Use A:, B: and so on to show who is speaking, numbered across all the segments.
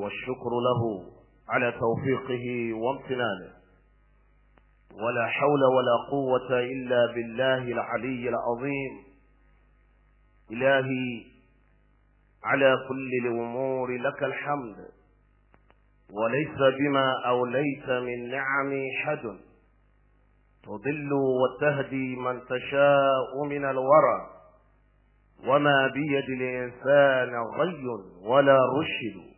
A: والشكر له على توفيقه وامتنانه ولا حول ولا قوة إلا بالله العلي العظيم إلهي على كل الأمور لك الحمد وليس بما أوليت من نعم حد تضل وتهدي من تشاء من الورى وما بيد الإنسان غي ولا رشد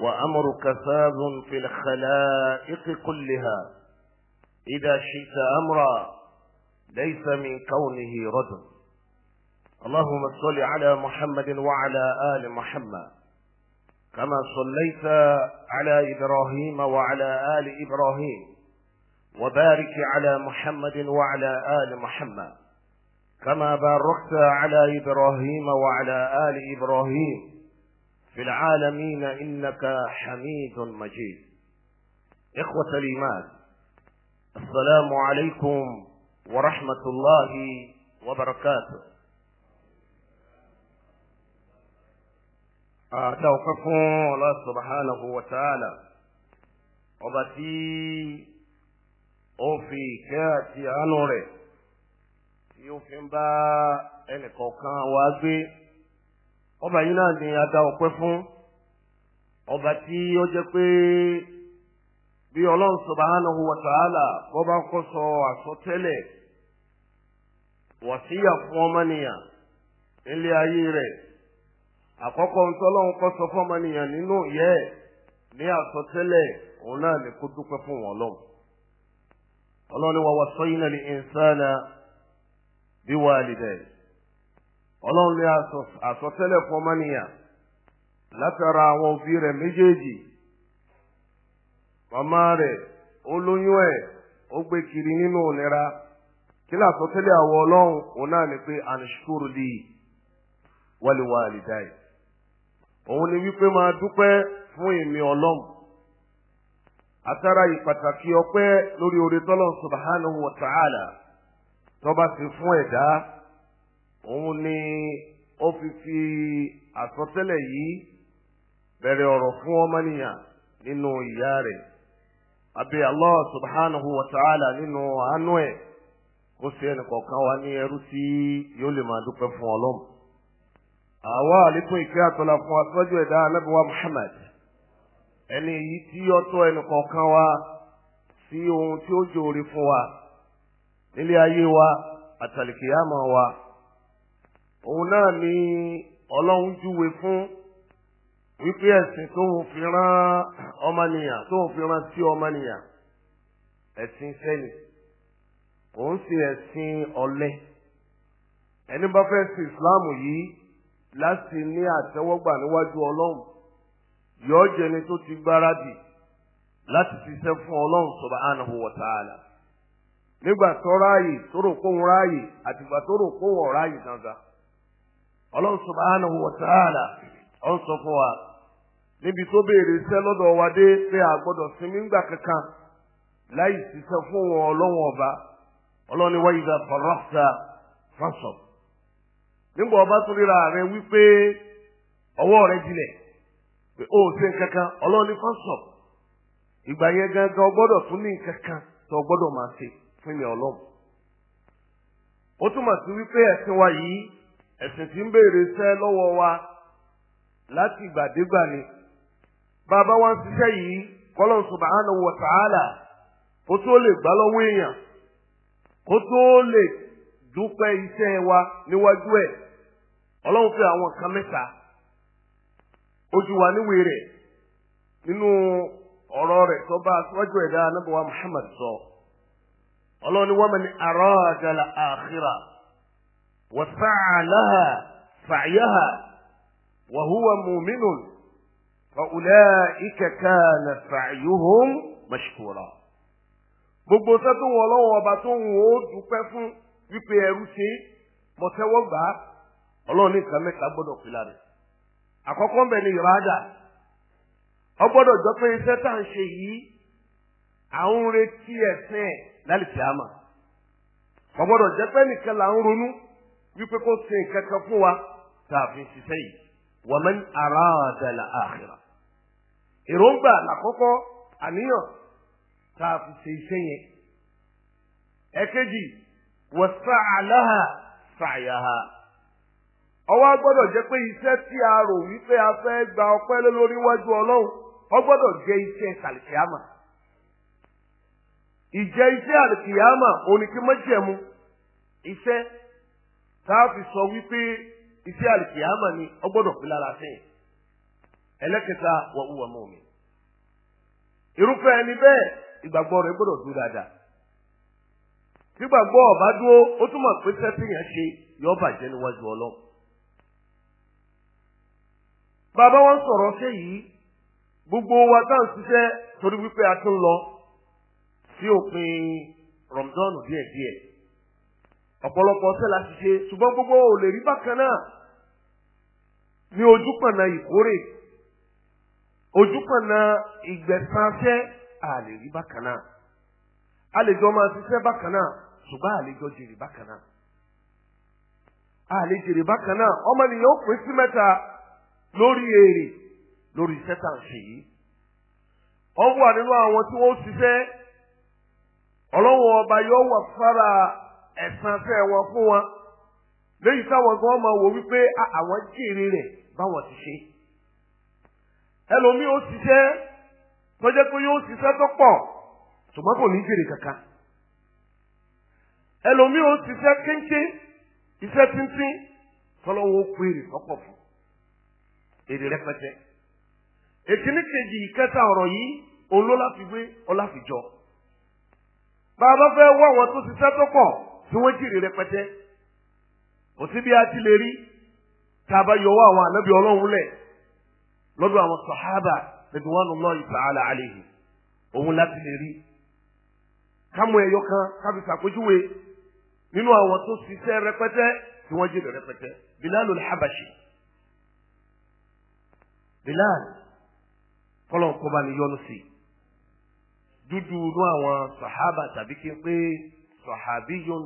A: وأمرك فاض في الخلائق كلها إذا شئت أمرا ليس من كونه رجل اللهم صل على محمد وعلى آل محمد كما صليت على إبراهيم وعلى آل إبراهيم وبارك على محمد وعلى آل محمد كما باركت على إبراهيم وعلى آل إبراهيم في العالمين إنك حميد مجيد إخوة الإيمان السلام عليكم ورحمة الله وبركاته أتوقفوا الله سبحانه وتعالى وبتي أوفي كاتي أنوري يوفي با أنكوكا واجبي ọba yìí náà ni a dá fún ọba tí ó jẹ pé bí ọlọ́run subhanahu wa ta'ala bọ́ bá kọ́ sọ àsọtẹ́lẹ̀ wàsíyà fún ọmọnìyàn nílé ayé rẹ. àkọ́kọ́ fún ọmọnìyàn nínú ní òun náà ni kó fún wọn ọlọ́run ọlọ́run ní àsọtẹ́lẹ̀ fọmọ́nìyàn látara àwọn òbí rẹ̀ méjèèjì màmá rẹ̀ ó lóyún ẹ̀ ó gbé kiri nínú ònira kí ni àwọ̀ ọlọ́run òun náà ni pé anishukuru di wàlíwà àlìdáì òun ni wípé máa dúpẹ́ fún èmi ọlọ́run atara ìpàtàkì ọpẹ́ lórí oore tọ́lọ́ subhanahu wa ta'ala tọ́ba si fún ẹ̀dá. òun ni ó fi fi àsọtẹ́lẹ̀ yìí bẹ̀rẹ̀ ọ̀rọ̀ fún ọmọnìyàn nínú ìyá Allah subhanahu wa ta'ala nínú àánú e kó ṣe ẹnìkọ̀ọ̀kan wa ní ẹrú tí yóò lè máa dúpẹ́ fún ọlọ́mù. àwa àlékún ìkẹ́ àtọ́lá fún atọ́jú ẹ̀dá anábíwá Muhammad ẹni èyí tí tọ́ ẹnìkọ̀ọ̀kan wa sí ohun tí ó jòrè fún wa nílé ayé wa wa. òun náà ni ọlọ́run júwe fún wípé ẹ̀sìn tó ń fi rán ọmọnìyàn tó ń fi rán sí ọmọnìyàn ẹ̀sìn sẹ́yìn kò ń ẹ̀sìn ọ̀lẹ ẹni bá fẹ́ sin Islam yìí láti ní àtẹ́wọ́gbà níwájú ọlọ́run yọ̀ọ́ jẹni tó ti gbáradì láti ṣiṣẹ́ fún ọlọ́run subhanahu wa ta'ala nígbà tó ráàyè tó rò kóhun ráàyè àtìgbà tó rò kóhun ọ̀ráàyè gangan. ọlọ́run subhanahu wa ta'ala ó ń sọ fún wa níbi tó béèrè iṣẹ́ lọ́dọ̀ wa dé pé a gbọ́dọ̀ sinmi ńgbà kankan láì ṣiṣẹ́ fún wọn ọlọ́run ọba ọlọ́run ni wáyé ìdá fọlọ́fà fọ́sọ̀ nígbà ọba tó ríra rẹ wípé ọwọ́ rẹ jinlẹ̀ pé ó ṣe kankan ọlọ́run ni fọ́sọ̀ ìgbà yẹn gangan ọgbọ́dọ̀ tún ní kankan tó ọgbọ́dọ̀ máa ṣe fún mi ọlọ́run ó túmọ̀ sí wípé ẹ̀sìn wa yìí ẹ̀sìn tí ń lọ́wọ́ wa láti ìgbàdégbà ni bàbá wa ń ṣiṣẹ́ yìí kọ́lọ́n subhanahu wa tààlà kó tó lè gbá lọ́wọ́ èèyàn kó tó lè dúpẹ́ iṣẹ́ wa níwájú ẹ̀ ọlọ́run fi àwọn kan mẹ́ta ojú wa níwèé rẹ̀ nínú ọ̀rọ̀ rẹ̀ Muhammad sọ ọlọ́run ni wọ́n àrọ́ وسعى لها سعيها وهو مؤمن فأولئك كان سعيهم مشكورا gbogbo sẹ́ tó wọ lọ́wọ́ ọba tó ń wò ó dúpẹ́ fún wípé ẹrú ṣe mọ̀tẹ́wọ́ gbà á ọlọ́run ní nǹkan ń ní ọ gbọdọ jọ pé iṣẹ́ tá à ń ṣe yìí à ọ gbọdọ pé nìkan là ń wípé kó ṣe nǹkan kan fún wa tá a fi ń ṣiṣẹ́ yìí wa man arada al-akhirah èròǹgbà làkọ́kọ́ àníyàn tá a fi ṣe wa sa'a laha sa'yaha ọwọ́ gbọ́dọ̀ jẹ́ pé iṣẹ́ tí a rò wípé a fẹ́ gba ọpẹ́ lórí wájú ọlọ́run ọ gbọ́dọ̀ jẹ́ iṣẹ́ kàlìkìámà ìjẹ́ iṣẹ́ àlìkìámà oníkímọ́jẹ̀mú iṣẹ́ táàfì sọ wípé iṣẹ́ àlìkìyàmà ni ó gbọ́dọ̀ fi lára sẹ́yìn ẹlẹ́kẹta wà wúwa mọ́ mi. irúfẹ́ ẹni bẹ́ẹ̀ ìgbàgbọ́ rẹ̀ gbọ́dọ̀ dúró dáadáa. gbígbàgbọ́ ọ̀bá dúró ó túmọ̀ pé sẹ́tì yẹn ṣe yọ bàjẹ́ níwájú wọn sọ̀rọ̀ yìí gbogbo wa tá torí wípé a tún lọ sí òpin díẹ̀díẹ̀ ọ̀pọ̀lọpọ̀ ọ̀sẹ̀ la ti ṣùgbọ́n gbogbo ò lè rí bákan náà ní ojúpọ̀nà ìkórè ojúpọ̀nà ìgbẹ̀sánṣẹ́ a lè rí bákan náà a lè jọ máa ṣiṣẹ́ bákan náà ṣùgbọ́n a lè jọ jèrè bákan náà a lè jèrè bákan náà yóò wà ẹ̀sán fẹ́ wọn fún wọn lẹ́yìn táwọn gan máa wò wípé ah, àwọn jèrè rẹ̀ báwọn ti ṣe ẹlòmíì ó ṣiṣẹ́ tọ́jẹ́ pé yóò ṣiṣẹ́ tó pọ̀ ṣùgbọ́n kò ní jèrè kankan ẹlòmíì ó ṣiṣẹ́ kéńké iṣẹ́ tíntín tọ́lọ́wọ́ ó péré lọ́pọ̀ fún èrè rẹpẹtẹ èkíní kejì ìkẹta ọ̀rọ̀ yìí òun ló láfi gbé ọláfijọ́ bá a bá fẹ́ wá àwọn tó ṣiṣẹ́ tó pọ̀ tí wọ́n jèrè rẹpẹtẹ kò sí bí a ti lè rí tá a bá yọwọ́ àwọn ànábì ọlọ́run lẹ̀ lọ́dọ̀ àwọn sàhábà ridwanullahi ta'ala alayhi òun láti lè rí kámú ẹ̀yọ kan kábi sàpèjúwe nínú àwọn tó ṣiṣẹ́ rẹpẹtẹ tí wọ́n jèrè rẹpẹtẹ Bilalul Habashi Bilal kọ́lọ́n ni yọ́nu sí dúdú inú àwọn sàhábà tàbí kí n pé sọ̀hábíyún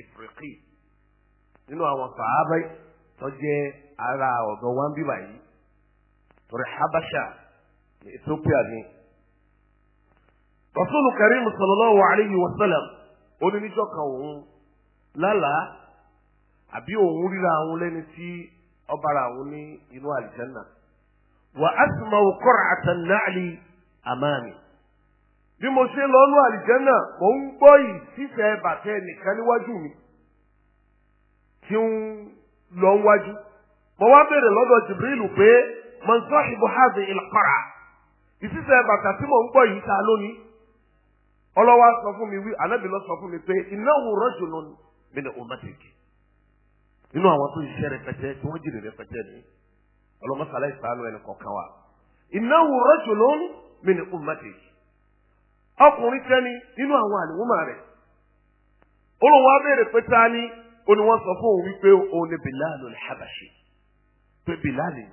A: ìfìrìkì nínú àwọn sàábà tó jẹ́ ara ọ̀dọ̀ wọn bí báyìí torí habasha ní ethiopia ni. rasulu karim sallallahu alayhi wa sallam oníníjọ́ kan òun lálàá àbí òun ríra àwọn lẹ́ni tí ọba ara àwọn ní inú àlìjánná. wa asma'u qur'atan na'li amami bí mo ṣe lọ́nú àlìjẹ́nà mò ń gbọ́ ìṣiṣẹ́ bàtẹ́ nìkan níwájú mi tí ń lọ wájú. mo wá bèrè lọ́dọ̀ Jibrilu pé mọ̀nsá ìbò hazi ìlàpàrà ìṣiṣẹ́ bàtà tí mò ń gbọ́ yìí ta lónìí. ọlọ́wà sọ fún mi wí anábì lọ sọ fún mi pé innahu rajulun min ummatiki. nínú àwọn tó ṣiṣẹ́ rẹpẹtẹ tí wọ́n jìnnà rẹpẹtẹ ni ọlọ́mọsálá ìsàlù ẹnì kọ̀ọ̀kan wa. innahu rajulun min ummatiki. ọkùnrin tẹni nínú àwọn àlùmọ́ rẹ̀ olùwà béèrè pé ta ni ó ní wọ́n sọ fún òun wípé òun ni Bilal al-Habashi pé Bilal ni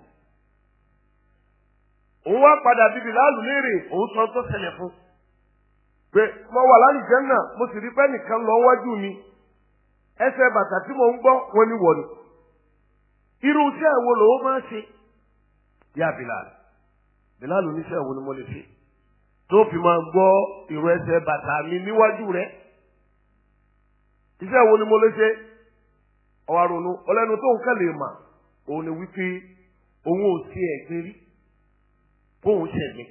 A: òun wá padà bí Bilal léèrè òun sọ tó ṣẹlẹ̀ fún pé mo wà lálẹ́ jẹ́nà mo sì rí pé nìkan lọ wájú mi ẹsẹ̀ bàtà tí mo ń gbọ́ wọn ni irú iṣẹ́ lòun máa ṣe yá tó fi máa gbọ́ ìró ẹsẹ̀ bàtà mi níwájú rẹ̀ iṣẹ́ wo ni mo lè ṣe ọ̀wá ronú ọlẹ́nu tó ń kẹ́lẹ̀ mà òun ni wípé òun ò sí ẹ̀gbin rí kóun ṣẹ̀gbin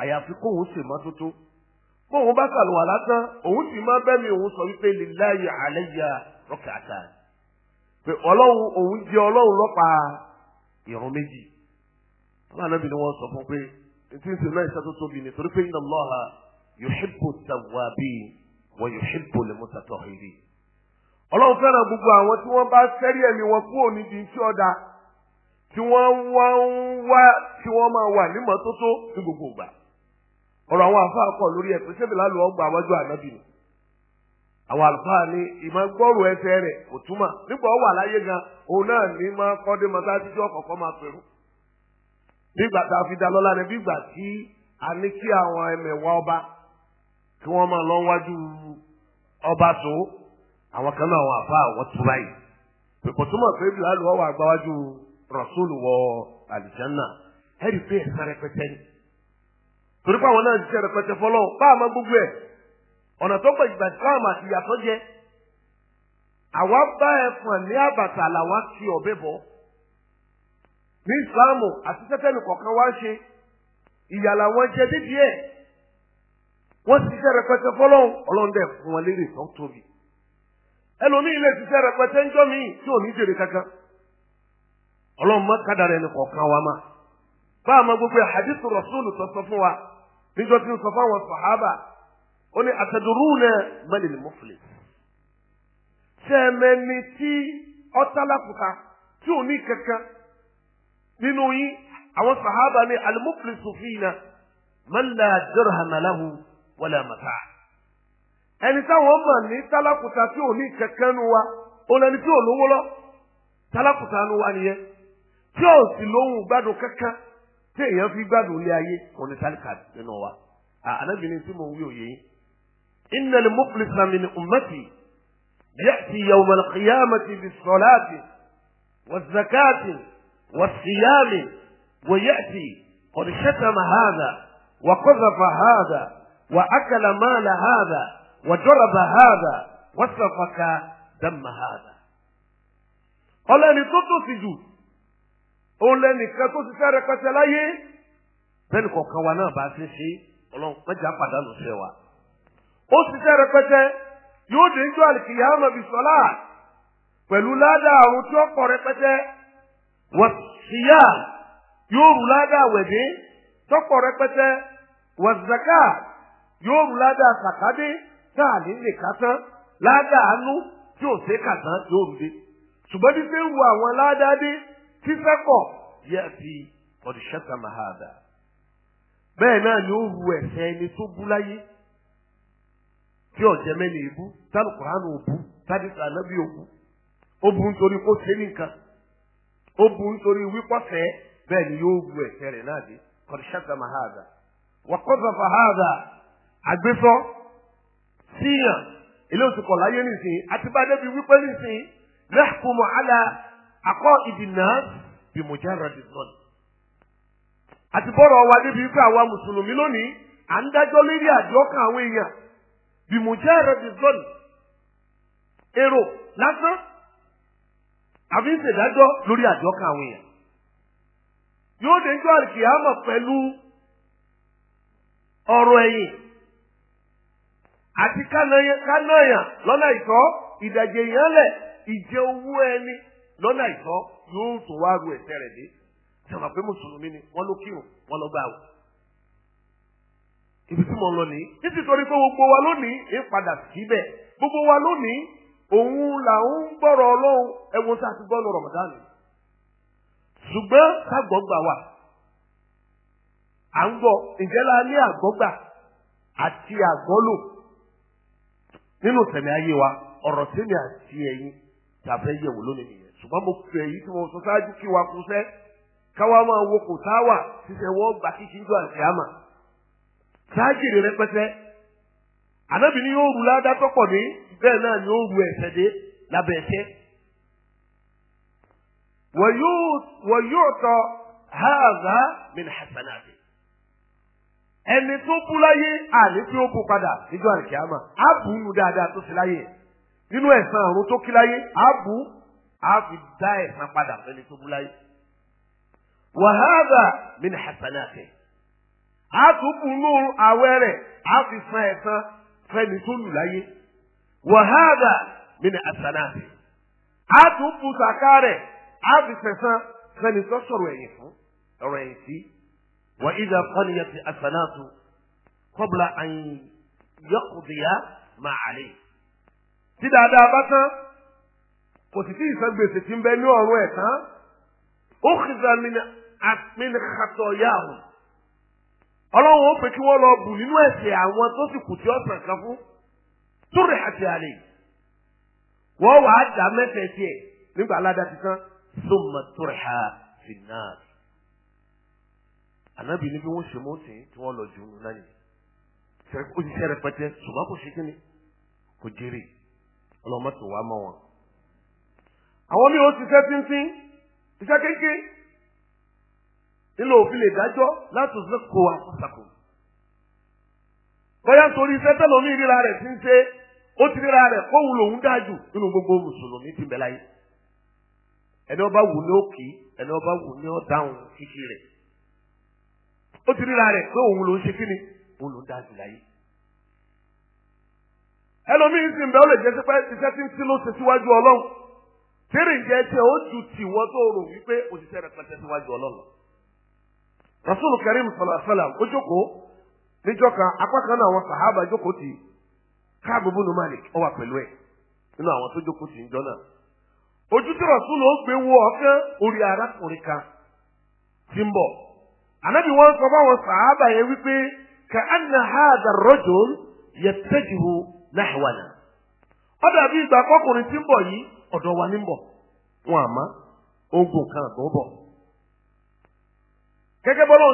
A: àyàfi kóun ṣe mọ́tótó kóun bá kàlùwà látàn òun sì máa bẹ́ẹ̀ mi òun sọ wípé lillahi alayya rọ́kàtà pé ọlọ́run òun jẹ́ ọlọ́run lọ́pàá ìrun méjì wọn àná bí wọ́n sọ fún pé ntí ń sè náà iṣẹ́ tó tóbi ni torí pé inna Allaha yuhibbu tawwabin wa yuhibbu al-mutatahhirin. ọlọ́run fẹ́ràn gbogbo àwọn tí wọ́n bá sẹ́rí ẹ̀mí wọn kúrò níbi iṣẹ́ ọ̀dà tí wọ́n wá ń wá tí wọ́n máa wà ní mọ́tótó ní gbogbo ìgbà. ọ̀rọ̀ àwọn àfáà pọ̀ lórí ẹ̀pẹ́ sẹ́bi lálù ọgbà àwájú ànábì ni. àwọn àlùfáà ní ìmọ̀ gbọ́rù ẹsẹ̀ rẹ̀ kò túmọ̀ nígbà ó wà láyé gan òun náà ní máa kọ́ bígbà tá a fi da lọ́la ni bígbà tí a ní kí àwọn ẹmẹ̀wá ọba kí wọ́n máa lọ wájú ọba tó àwọn kan náà wọn àfa àwọn tó báyìí pèpò túmọ̀ pé bíláàlú ọwọ́ àgbáwájú rọ̀ṣúlù wọ àlìjánà ẹ̀rí pé ẹ̀sán rẹpẹtẹ ni torí pé àwọn náà ti ṣe rẹpẹtẹ fọlọ́ bá a máa gbogbo ẹ̀ ọ̀nà tó gbọ̀ ìgbà Islam àti ìyàtọ̀ jẹ́ àwa bá ẹ̀fọn ní àbàtà làwọn ti ọ̀bẹ bọ̀ ní ìsìláàmù àti sẹ́tẹ̀lì kọ̀ọ̀kan wá ń ṣe ìyàlà wọn jẹ dídí ẹ̀ wọ́n ti ṣiṣẹ́ rẹpẹtẹ fọlọ́hún ọlọ́run dẹ̀ fún wọn lérè tó tóbi ẹlòmíì lè ṣiṣẹ́ rẹpẹtẹ ńjọ́ mi tí ò ní jèrè kankan ọlọ́run má kádàrà ẹni kọ̀ọ̀kan wa má bá a ma gbogbo ẹ̀ hadith rasulu tó sọ fún wa níjọ́ tí ń sọ fún àwọn sàhábà ó ní àtẹ̀dùrúnà mẹ́lìlì mọ́fìlì tẹ́ẹ̀mẹ́ni tí ọ́tálàkùkà tí ò ní kankan nínú yín àwọn sàhábà ní al-muflisu fina man la dirhama lahu wala mata' ẹni táwọn mọ̀ ní tálákùtà tí ò ní kẹ̀kẹ́ nu wa òun ẹni tí ò lówó lọ tálákùtà nu wa nìyẹn tí ò sì lóhùn gbádùn kankan tí èèyàn fi gbádùn ilé ayé òun ní tálíkà nínú wa ànábì tí mo wí òye yín. innal muflisa min ummati ya'ti yawmal qiyamati bis salati waz zakati. والصيام ويأتي قد شتم هذا وقذف هذا وأكل مال هذا وضرب هذا وسفك دم هذا قال أن تطفجوا òun lẹnìkan tó ti fẹ́ rẹpẹtẹ láyé bẹ́ẹ̀ ni kọ̀ọ̀kan wa náà bá ti ṣe ọlọ́run mẹ́jà pàdánù ṣe wa. ó ti fẹ́ rẹpẹtẹ yóò dé ń jọ àlìkìyà ọmọ ibi sọ́lá pẹ̀lú ládàá àwọn tí ó pọ̀ rẹpẹtẹ wàsíyà yóò rù ládàá wẹ̀dẹ́ tọ́pọ̀ rẹpẹtẹ wàzàkà yóò rù ládàá sàkádé tá lè ká ládàá àánú tí ò sí kà yóò rù dé ṣùgbọ́n ní sẹ́ ń wo àwọn ládàá dé yẹ fi ọ̀dùṣẹ́ta màhàdà bẹ́ẹ̀ náà ni ó ru ẹ̀sẹ̀ ẹni tó bú láyé tí ọ̀jẹ̀ mẹ́ni ìbú tálùkùránù òbú tádìsà nábì òbú ó nítorí kó ṣe nìkan ó bu nítorí wípọ́fẹ́ bẹ́ẹ̀ ni yóò bu ẹ̀fẹ́ rẹ̀ náà dé kọ̀díṣàtà mahada wàkọ́sà fahada àgbésọ́ síyàn ilé oṣù kọ̀ láyé nìsín àti bá débi wípé nìsín lẹ́kùnmọ̀ àlà àkọ́ ìdìnnà bìmọ̀jára dìbọn. àti bọ́rọ̀ wa débi wípé àwa mùsùlùmí lónìí à ń dájọ́ lórí àjọkàn àwọn èèyàn bìmọ̀jára dìbọn. èrò lásán àfi ń ṣèdájọ́ lórí àjọkà àwọn èèyàn yóò déjọ́ àlìkìyàmọ̀ pẹ̀lú ọ̀rọ̀ ẹ̀yìn àti kánáyàn lọ́nà ìtọ́ ìdàjẹ̀ èèyàn ìjẹ owó ẹni lọ́nà ìtọ́ yóò tó wá ru ẹ̀ṣẹ̀ rẹ̀ ni wọ́n ló kírun wọ́n ibi tí mo lọ nìyí pé gbogbo wa lónìí ń padà síbẹ̀ gbogbo òun là ń gbọ́rọ̀ ọlọ́run ẹ̀wọ̀n tá a ti gbọ́ wa Ramadan ṣùgbọ́n kágbọ́gbà wà à ń gbọ́ ǹjẹ́ la ní àgbọ́gbà àti àgbọ́lò nínú tẹ̀mí ayé wa ọ̀rọ̀ tẹ̀mí àti ẹ̀yìn tàbẹ́ yẹ̀wò lónìí nìyẹn ṣùgbọ́n mo fẹ́ èyí tí mo sọ kí wa kún sẹ́ káwa máa wo kò sáwà gbà kí àti àmà ni bẹ́ẹ̀ náà ni ó ru ẹ̀sẹ̀ dé lábẹ́ ẹ̀sẹ̀. wọ́n yóò tọ haza min hasanati. ẹni tó bú láyé àní tí ó bú padà níjọ àríkíámà á bù ú dáadáa tó sí láyé nínú ẹ̀san ọ̀run tó kí láyé á bù ú á fi dá ẹ̀san padà fẹ́ni tó bú láyé. wa haza min hasanati àtúbù lóorun àwẹ̀ rẹ̀ á fi san ẹ̀san fẹ́ni tó lù láyé wàhálà nínú àtàlà àtúntò sàkárẹ̀ àbìsẹ̀sán sẹ́ni tó sọ̀rọ̀ ẹ̀yìn fún ọ̀rọ̀ ẹ̀yìn sí wà ìdá kọ́niyà ti àtàlà tó kọ́bla àyìn yọkùdìyà máa àlè. tí dáadáa bá tán kò sì tí ìsan gbèsè ti ń bẹ ní ọ̀run ẹ̀ tán ó kìdá min khatoyahum ọlọ́run ó pè kí wọ́n lọ bù nínú ẹ̀ṣẹ̀ àwọn tó sì kù tí kan fún tóri àti àlè wọ́n wà á dà mẹ́tẹ̀ẹ̀tì ẹ̀ nígbà aládàá ti tán sọ́mọ tóri ha fi náà. ànábì ní bí wọ́n ṣe mọ́ sí tí wọ́n lọ jù ú náà yìí ó ti ṣe rẹpẹtẹ ṣùgbọ́n kò ṣe kíni kò jèrè ọlọ́mọ tó wá mọ́ wọn. àwọn mi ò ṣiṣẹ́ tíntín iṣẹ́ kéńké nínú òfin lè dájọ́ láti ṣe kó wa sàkó. bóyá nítorí iṣẹ́ ìríra rẹ̀ ti ń ṣe ó ti ríra rẹ̀ kóhun lòun dájú nínú gbogbo mùsùlùmí ti bẹ̀láyé ẹni ọba wù ní òkè ẹni ọba wù ní ọ̀dáhùn ṣíṣe rẹ̀ ó ti ríra rẹ̀ pé òun ló ṣe kíni òun ló dájú láyé ẹlòmíì sì ń bẹ lè jẹ́ tí ń sí ló ṣe síwájú ń ó ju tó rò wípé síwájú rasulu karim sallallahu alaihi wasallam káàbù bùnú malik ó wà pẹ̀lú ẹ̀ nínú àwọn tó jókòó sí ìjọ náà ojú tí rọ̀súlù ó gbé wo ọ̀kan orí arákùnrin kan ti ń wọn sọ fáwọn sàábà yẹn wípé ka a na ha yattajihu nahwana ó dàbí ìgbà kọkùnrin ti ń bọ̀ yìí ọ̀dọ̀ wa yi ń bọ̀ wọn àmọ́ ogun kan àgbọ̀ bọ̀ gẹ́gẹ́ bọ́lá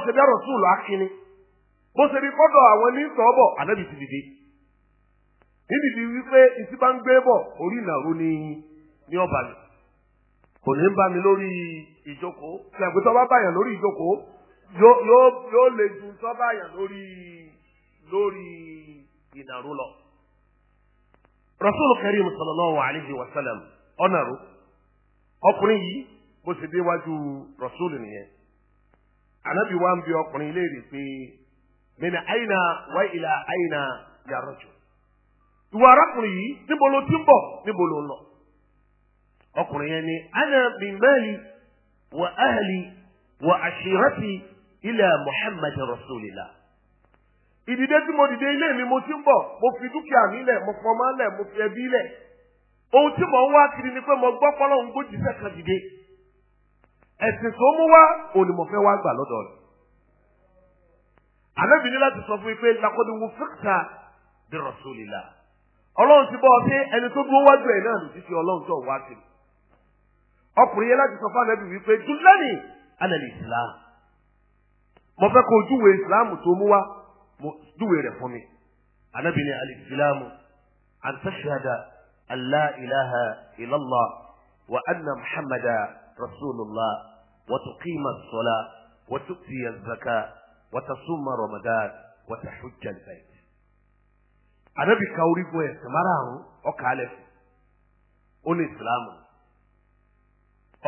A: níbi wípé ìtí bá ń gbé bọ̀ orí ìnàró ni ní ọba mi kò ní bá mi lórí ìjókòó ijoko àgbẹ̀tọ́ bá bàyàn lórí ìjókòó yóò lè ju tọ́ bàyàn lórí lórí ìnàró lọ. rasulu karim sallallahu alayhi wa sallam ọ̀nàró ọkùnrin yìí bó ṣe rasulu nìyẹn anabi wa ń bi ọkùnrin léèrè pé ìwọ arákùnrin yìí níbo ló ti ń bọ̀ níbo ló ń lọ. ọkùnrin yẹn ni ana min mali wa ahli wa ashirati ila muhammad rasulillah. ìdìde tí mo dìde ilé mi mo ti ń bọ̀ mo fi dúkìá mi lẹ̀ mo fọmọ lẹ̀ mo fi ẹbí lẹ̀. ohun tí mò ń wá kiri ni pé mo gbọ́ pọ́lọ́ ń gbójúṣẹ́ kan dìde. ẹ̀sìn tó mú wá òní mo fẹ́ wá gbà lọ́dọ̀ rẹ̀. àlẹ́ ní láti sọ fún mi pé lakọ́ni wo fẹ́ta bí rasulillah ọlọ́run ti bọ́ ọ pé ẹni tó dúró wájú ẹ̀ náà ló ti fi ọlọ́run tó wá sí i ọkùnrin yẹn láti sọ fún anabi wípé dúlẹ́nì alẹ́lẹ́ islam mo fẹ́ kó ojúwe islam tó mú wá mo júwe rẹ̀ fún mi anabi ni alẹ́ islam an tashhada an la ilaha illallah wa anna muhammada rasulullah wa tuqima as wa tu'ti az wa tasuma ramadan wa tahujja bayt anabi ka origun ẹsẹ mara ahun ọkà alẹ fún ó ní ìsìlámù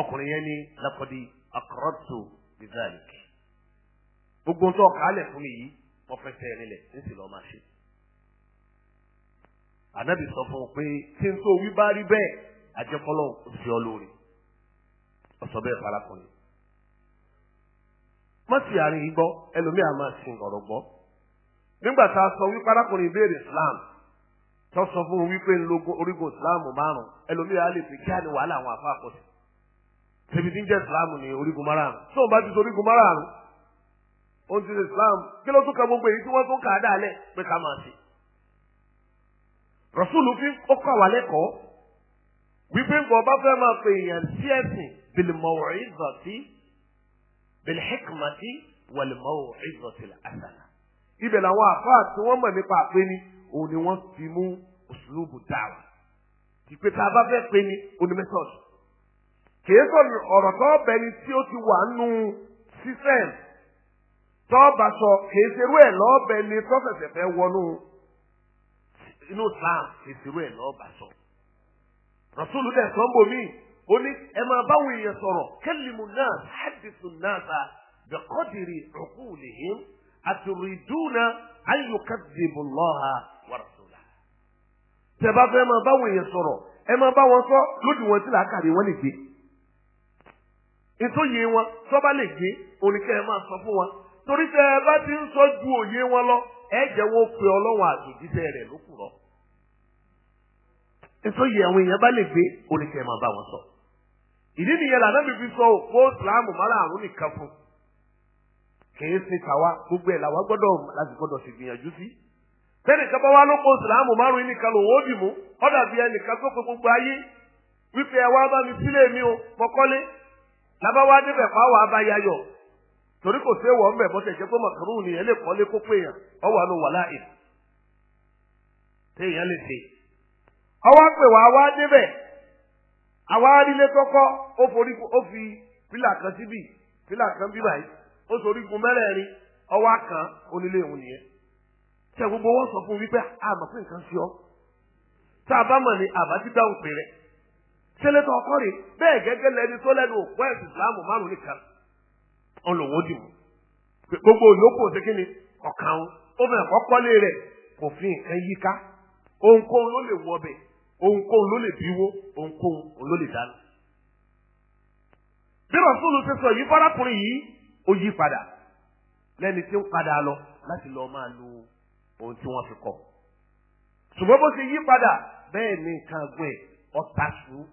A: ọkùnrin yẹn ní lakọdí akọrọtò bizalik gbogbo ń tọ ọkà alẹ fún mi yìí wọn fẹsẹ ẹ nílẹ̀ ń sì lọ máa ṣe anabi sọ fún pé tí n tó wí bá rí bẹ́ẹ̀ ajẹkọlọ fi ọ lórí ọsọ bẹ́ẹ̀ farakùnrin mọtì àárín igbó ẹlòmíà máa sin ọ̀rọ̀ gbọ́ nígbà tá a sọ wípé arákùnrin ìbéèrè islam tó sọ fún un wípé ńlọgọ orígun islam márùn ẹlòmíràn á lè fi kí á ní wàhálà àwọn afá àkọsí tèmi ti ń jẹ islam ní orígun márùn tó ń bá ti sọ orígun márùn òun ti sọ islam kí ló tún ka gbogbo èyí tí wọ́n tún kà á dálẹ̀ pé ká máa ṣe rọ̀ṣùlù fi ó kọ́ àwa lẹ́kọ̀ọ́ wípé ń bọ̀ bá fẹ́ máa pè èèyàn sí ẹ̀sìn bìlìmọ̀wọ̀ ìzọ̀tí bìlìhẹ́kìmọ̀tí wàlìmọ̀wọ̀ ìzọ̀tí àṣàlà ibẹ̀ làwọn àfáà tí wọ́n mọ̀ nípa àpé ni òun ni wọ́n fi mú òṣùlùbù dáwà ìpè tá a bá fẹ́ pé ni onímẹ́sọ̀dù kìí sọ̀rọ̀ ọ̀rọ̀ tó bẹ ni tí ó ti wà nù sísẹ́ẹ̀m tó bá sọ kìí ṣerú ẹ̀ lọ́ọ̀bẹ ni tó fẹ̀sẹ̀ fẹ́ wọnú inú islam kìí ṣerú ẹ̀ lọ́ọ̀bà sọ rasulu dẹ̀ sọ́nbó mi ó ní ẹ máa báwọn èèyàn sọ̀rọ̀ kẹ́lìmù náà hadithu náà ta bẹ̀kọ́dìrì ọ̀kú lèhìn a tụrụ lọ́ha wàrasùlà. tẹ́ bá fẹ́ máa báwọn èèyàn sọ̀rọ̀ ẹ máa bá wọn sọ lójú wọn tí làákàrí wọn lè gbé. yìí wọn sọ́ba lè gbé oníkẹ ẹ máa sọ fún wọn torí ẹ bá ti ń sọ ju òye wọn lọ ẹ wọn pe àwọn èèyàn bá lè gbé ẹ máa bá wọn sọ. ìdí sọ òpó nìkan fún kìí ṣe tàwa gbogbo ẹ̀ làwa gbọ́dọ̀ láti gbọ́dọ̀ sì gbìyànjú sí. sẹ́ni kaba wa ló kó sìláàmù márùn-ún nìkan lòun ó dì mú ọ̀dà bíi ẹnìkan tó kó gbogbo ayé wípé mi o mọ́kọ́lé lábáwá débẹ̀ fà wà bá yayọ̀ torí kò sí bọ́tẹ̀ jẹ́ pé ni kọ́lé kó pé wà láàyè téèyàn lè ṣe. pè wá wá débẹ̀ àwa arílé ó forí ó sorí gun mẹ́rẹ̀ẹ̀rin ọwọ́ àkàn onílé òun nìyẹn tẹ gbogbo wọn sọ fún wípé àmọ́ pé nǹkan sí ọ tá a bá mọ̀ ní àbá ti dáhùn pé rẹ sẹlẹtọ ọkọ rẹ̀ bẹ́ẹ̀ gẹ́gẹ́ lẹni tó lẹ́nu òpó ẹsẹ ìsìláàmù márùn nìkan ọlọwọ dì mú gbogbo yòókù ṣe kí ni ọkàn òun ó bẹ̀rẹ̀ kọ́kọ́lé rẹ̀ kò fi nǹkan yíká ohunkóhun ló lè wọbẹ̀ ohunkóhun ló lè bíwó ohunkóhun ló lè dáná bí rọ̀ṣúlù ti sọ yìí fọ́rákùnrin yìí ó yí padà lẹ́ni tí ń padà lọ láti lọ máa lo ohun tí wọ́n fi kọ́ ṣùgbọ́n bó ṣe yí padà bẹ́ẹ̀ ni nǹkan gbé ọ̀tá sùn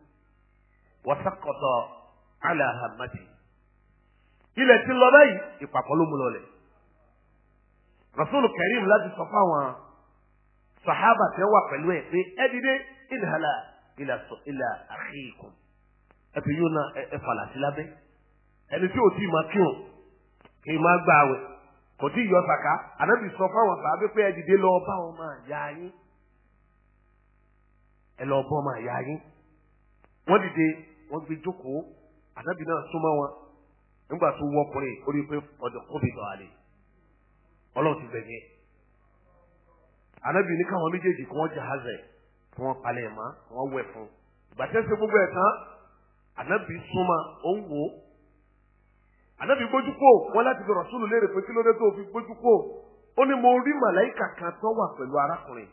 A: wọ́sàkọ̀tọ̀ aláhàmàdì ilẹ̀ ti lọ báyìí ìpàkọ́ ló mú lọlẹ̀ rasulu karim láti sọ fáwọn sahaba tẹ wà pẹ̀lú ẹ̀ pé ẹ dìde ìnhala ìlà àkíkùn ẹ fi yóò na ẹ falà sí lábẹ́ ẹni tí ò tí ì máa kírun kì í má gbà wẹ̀ kò tí ì yọ sàká ànábì sọ fáwọn sàábé pé ẹ dìde lọ bá ọmọ àyà yín ẹ lọ bá ọmọ àyà yín wọ́n dìde wọ́n gbé jókòó ànábì náà súnmọ́ wọn nígbà tó wọ ọkùnrin ó rí i pé ọ̀dọ̀ kóbi lọ àlè ọlọ́run ti bẹ̀yẹ ànábì ní káwọn méjèèjì kí wọ́n jahazẹ̀ kí wọ́n palẹ̀ mọ́ wọ́n wẹ̀ fún ìgbà tẹ́sí gbogbo ẹ̀ tán ànábì súnmọ́ ó ń wò ó ànábì gbójú kò wọn láti fi rọ̀súlù léèrè pé kí ló dé tó fi gbójú kò ó ní mo rí màláìkà kan tó wà pẹ̀lú arákùnrin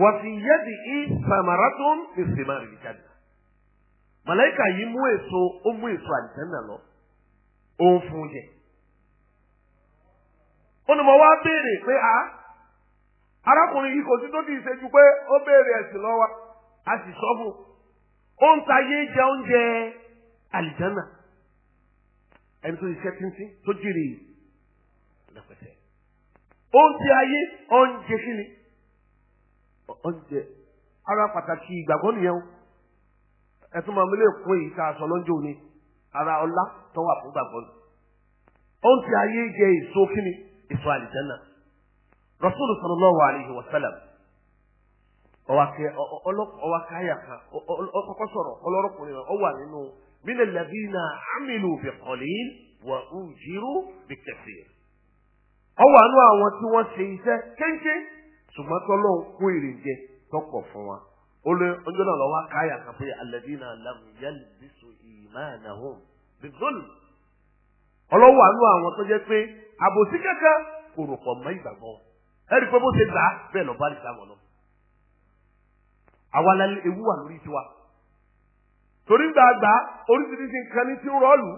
A: wọ́n fi yẹ́dì í sàmàràtún fèsì máa rìn jáde màláìkà yìí mú èso ó mú èso àlìjẹ́nà lọ ó ń fún jẹ ó ní mo wá béèrè pé a arákùnrin yìí kò sí tó ti ṣe pé ó béèrè ẹ̀sìn lọ́wọ́ a sì sọ fún un ó ń ta yé jẹ oúnjẹ àlìjẹ́nà ẹni tó ṣiṣẹ́ tíntín tó jèrè lẹ́pẹ̀tẹ́ oúnjẹ ayé oúnjẹ kí ni oúnjẹ ara pàtàkì ìgbàgbọ́ nìyẹn o ẹtún máa mílẹ̀ kún èyí tá a sọ lọ́jọ́ òní ara ọlá tó wà fún gbàgbọ́ ni oúnjẹ ayé jẹ èso kí ni èso àlìjánà rasulu sallallahu alayhi wa sallam ọwọ́ akẹ́ ọlọ́kọ̀ ọwọ́ akẹ́ àyàká ọkọ̀ sọ̀rọ̀ ọlọ́rọ̀kùnrin náà ọ wà nínú. من الذين عملوا بقليل وأجروا بالكثير هو أنواع وتوى سيسة كنكي ثم تلو كويرين جي تقو فوا قولوا أنجلوا لوا كايا كفي الذين لم يلبسوا إيمانهم بالظلم ọlọ́wọ́ àánú àwọn tó jẹ́ pé àbòsí kẹ́kẹ́ kò rò pọ̀ mọ́ ìgbàgbọ́ ẹ̀rí pé bó ṣe gbà bẹ́ẹ̀ lọ́ọ́ bá lè sá lọ. àwa la ewu wà lórí tiwa torí gbàgbà oríṣiríṣi nǹkan ní ti ń rọ́ọ̀lù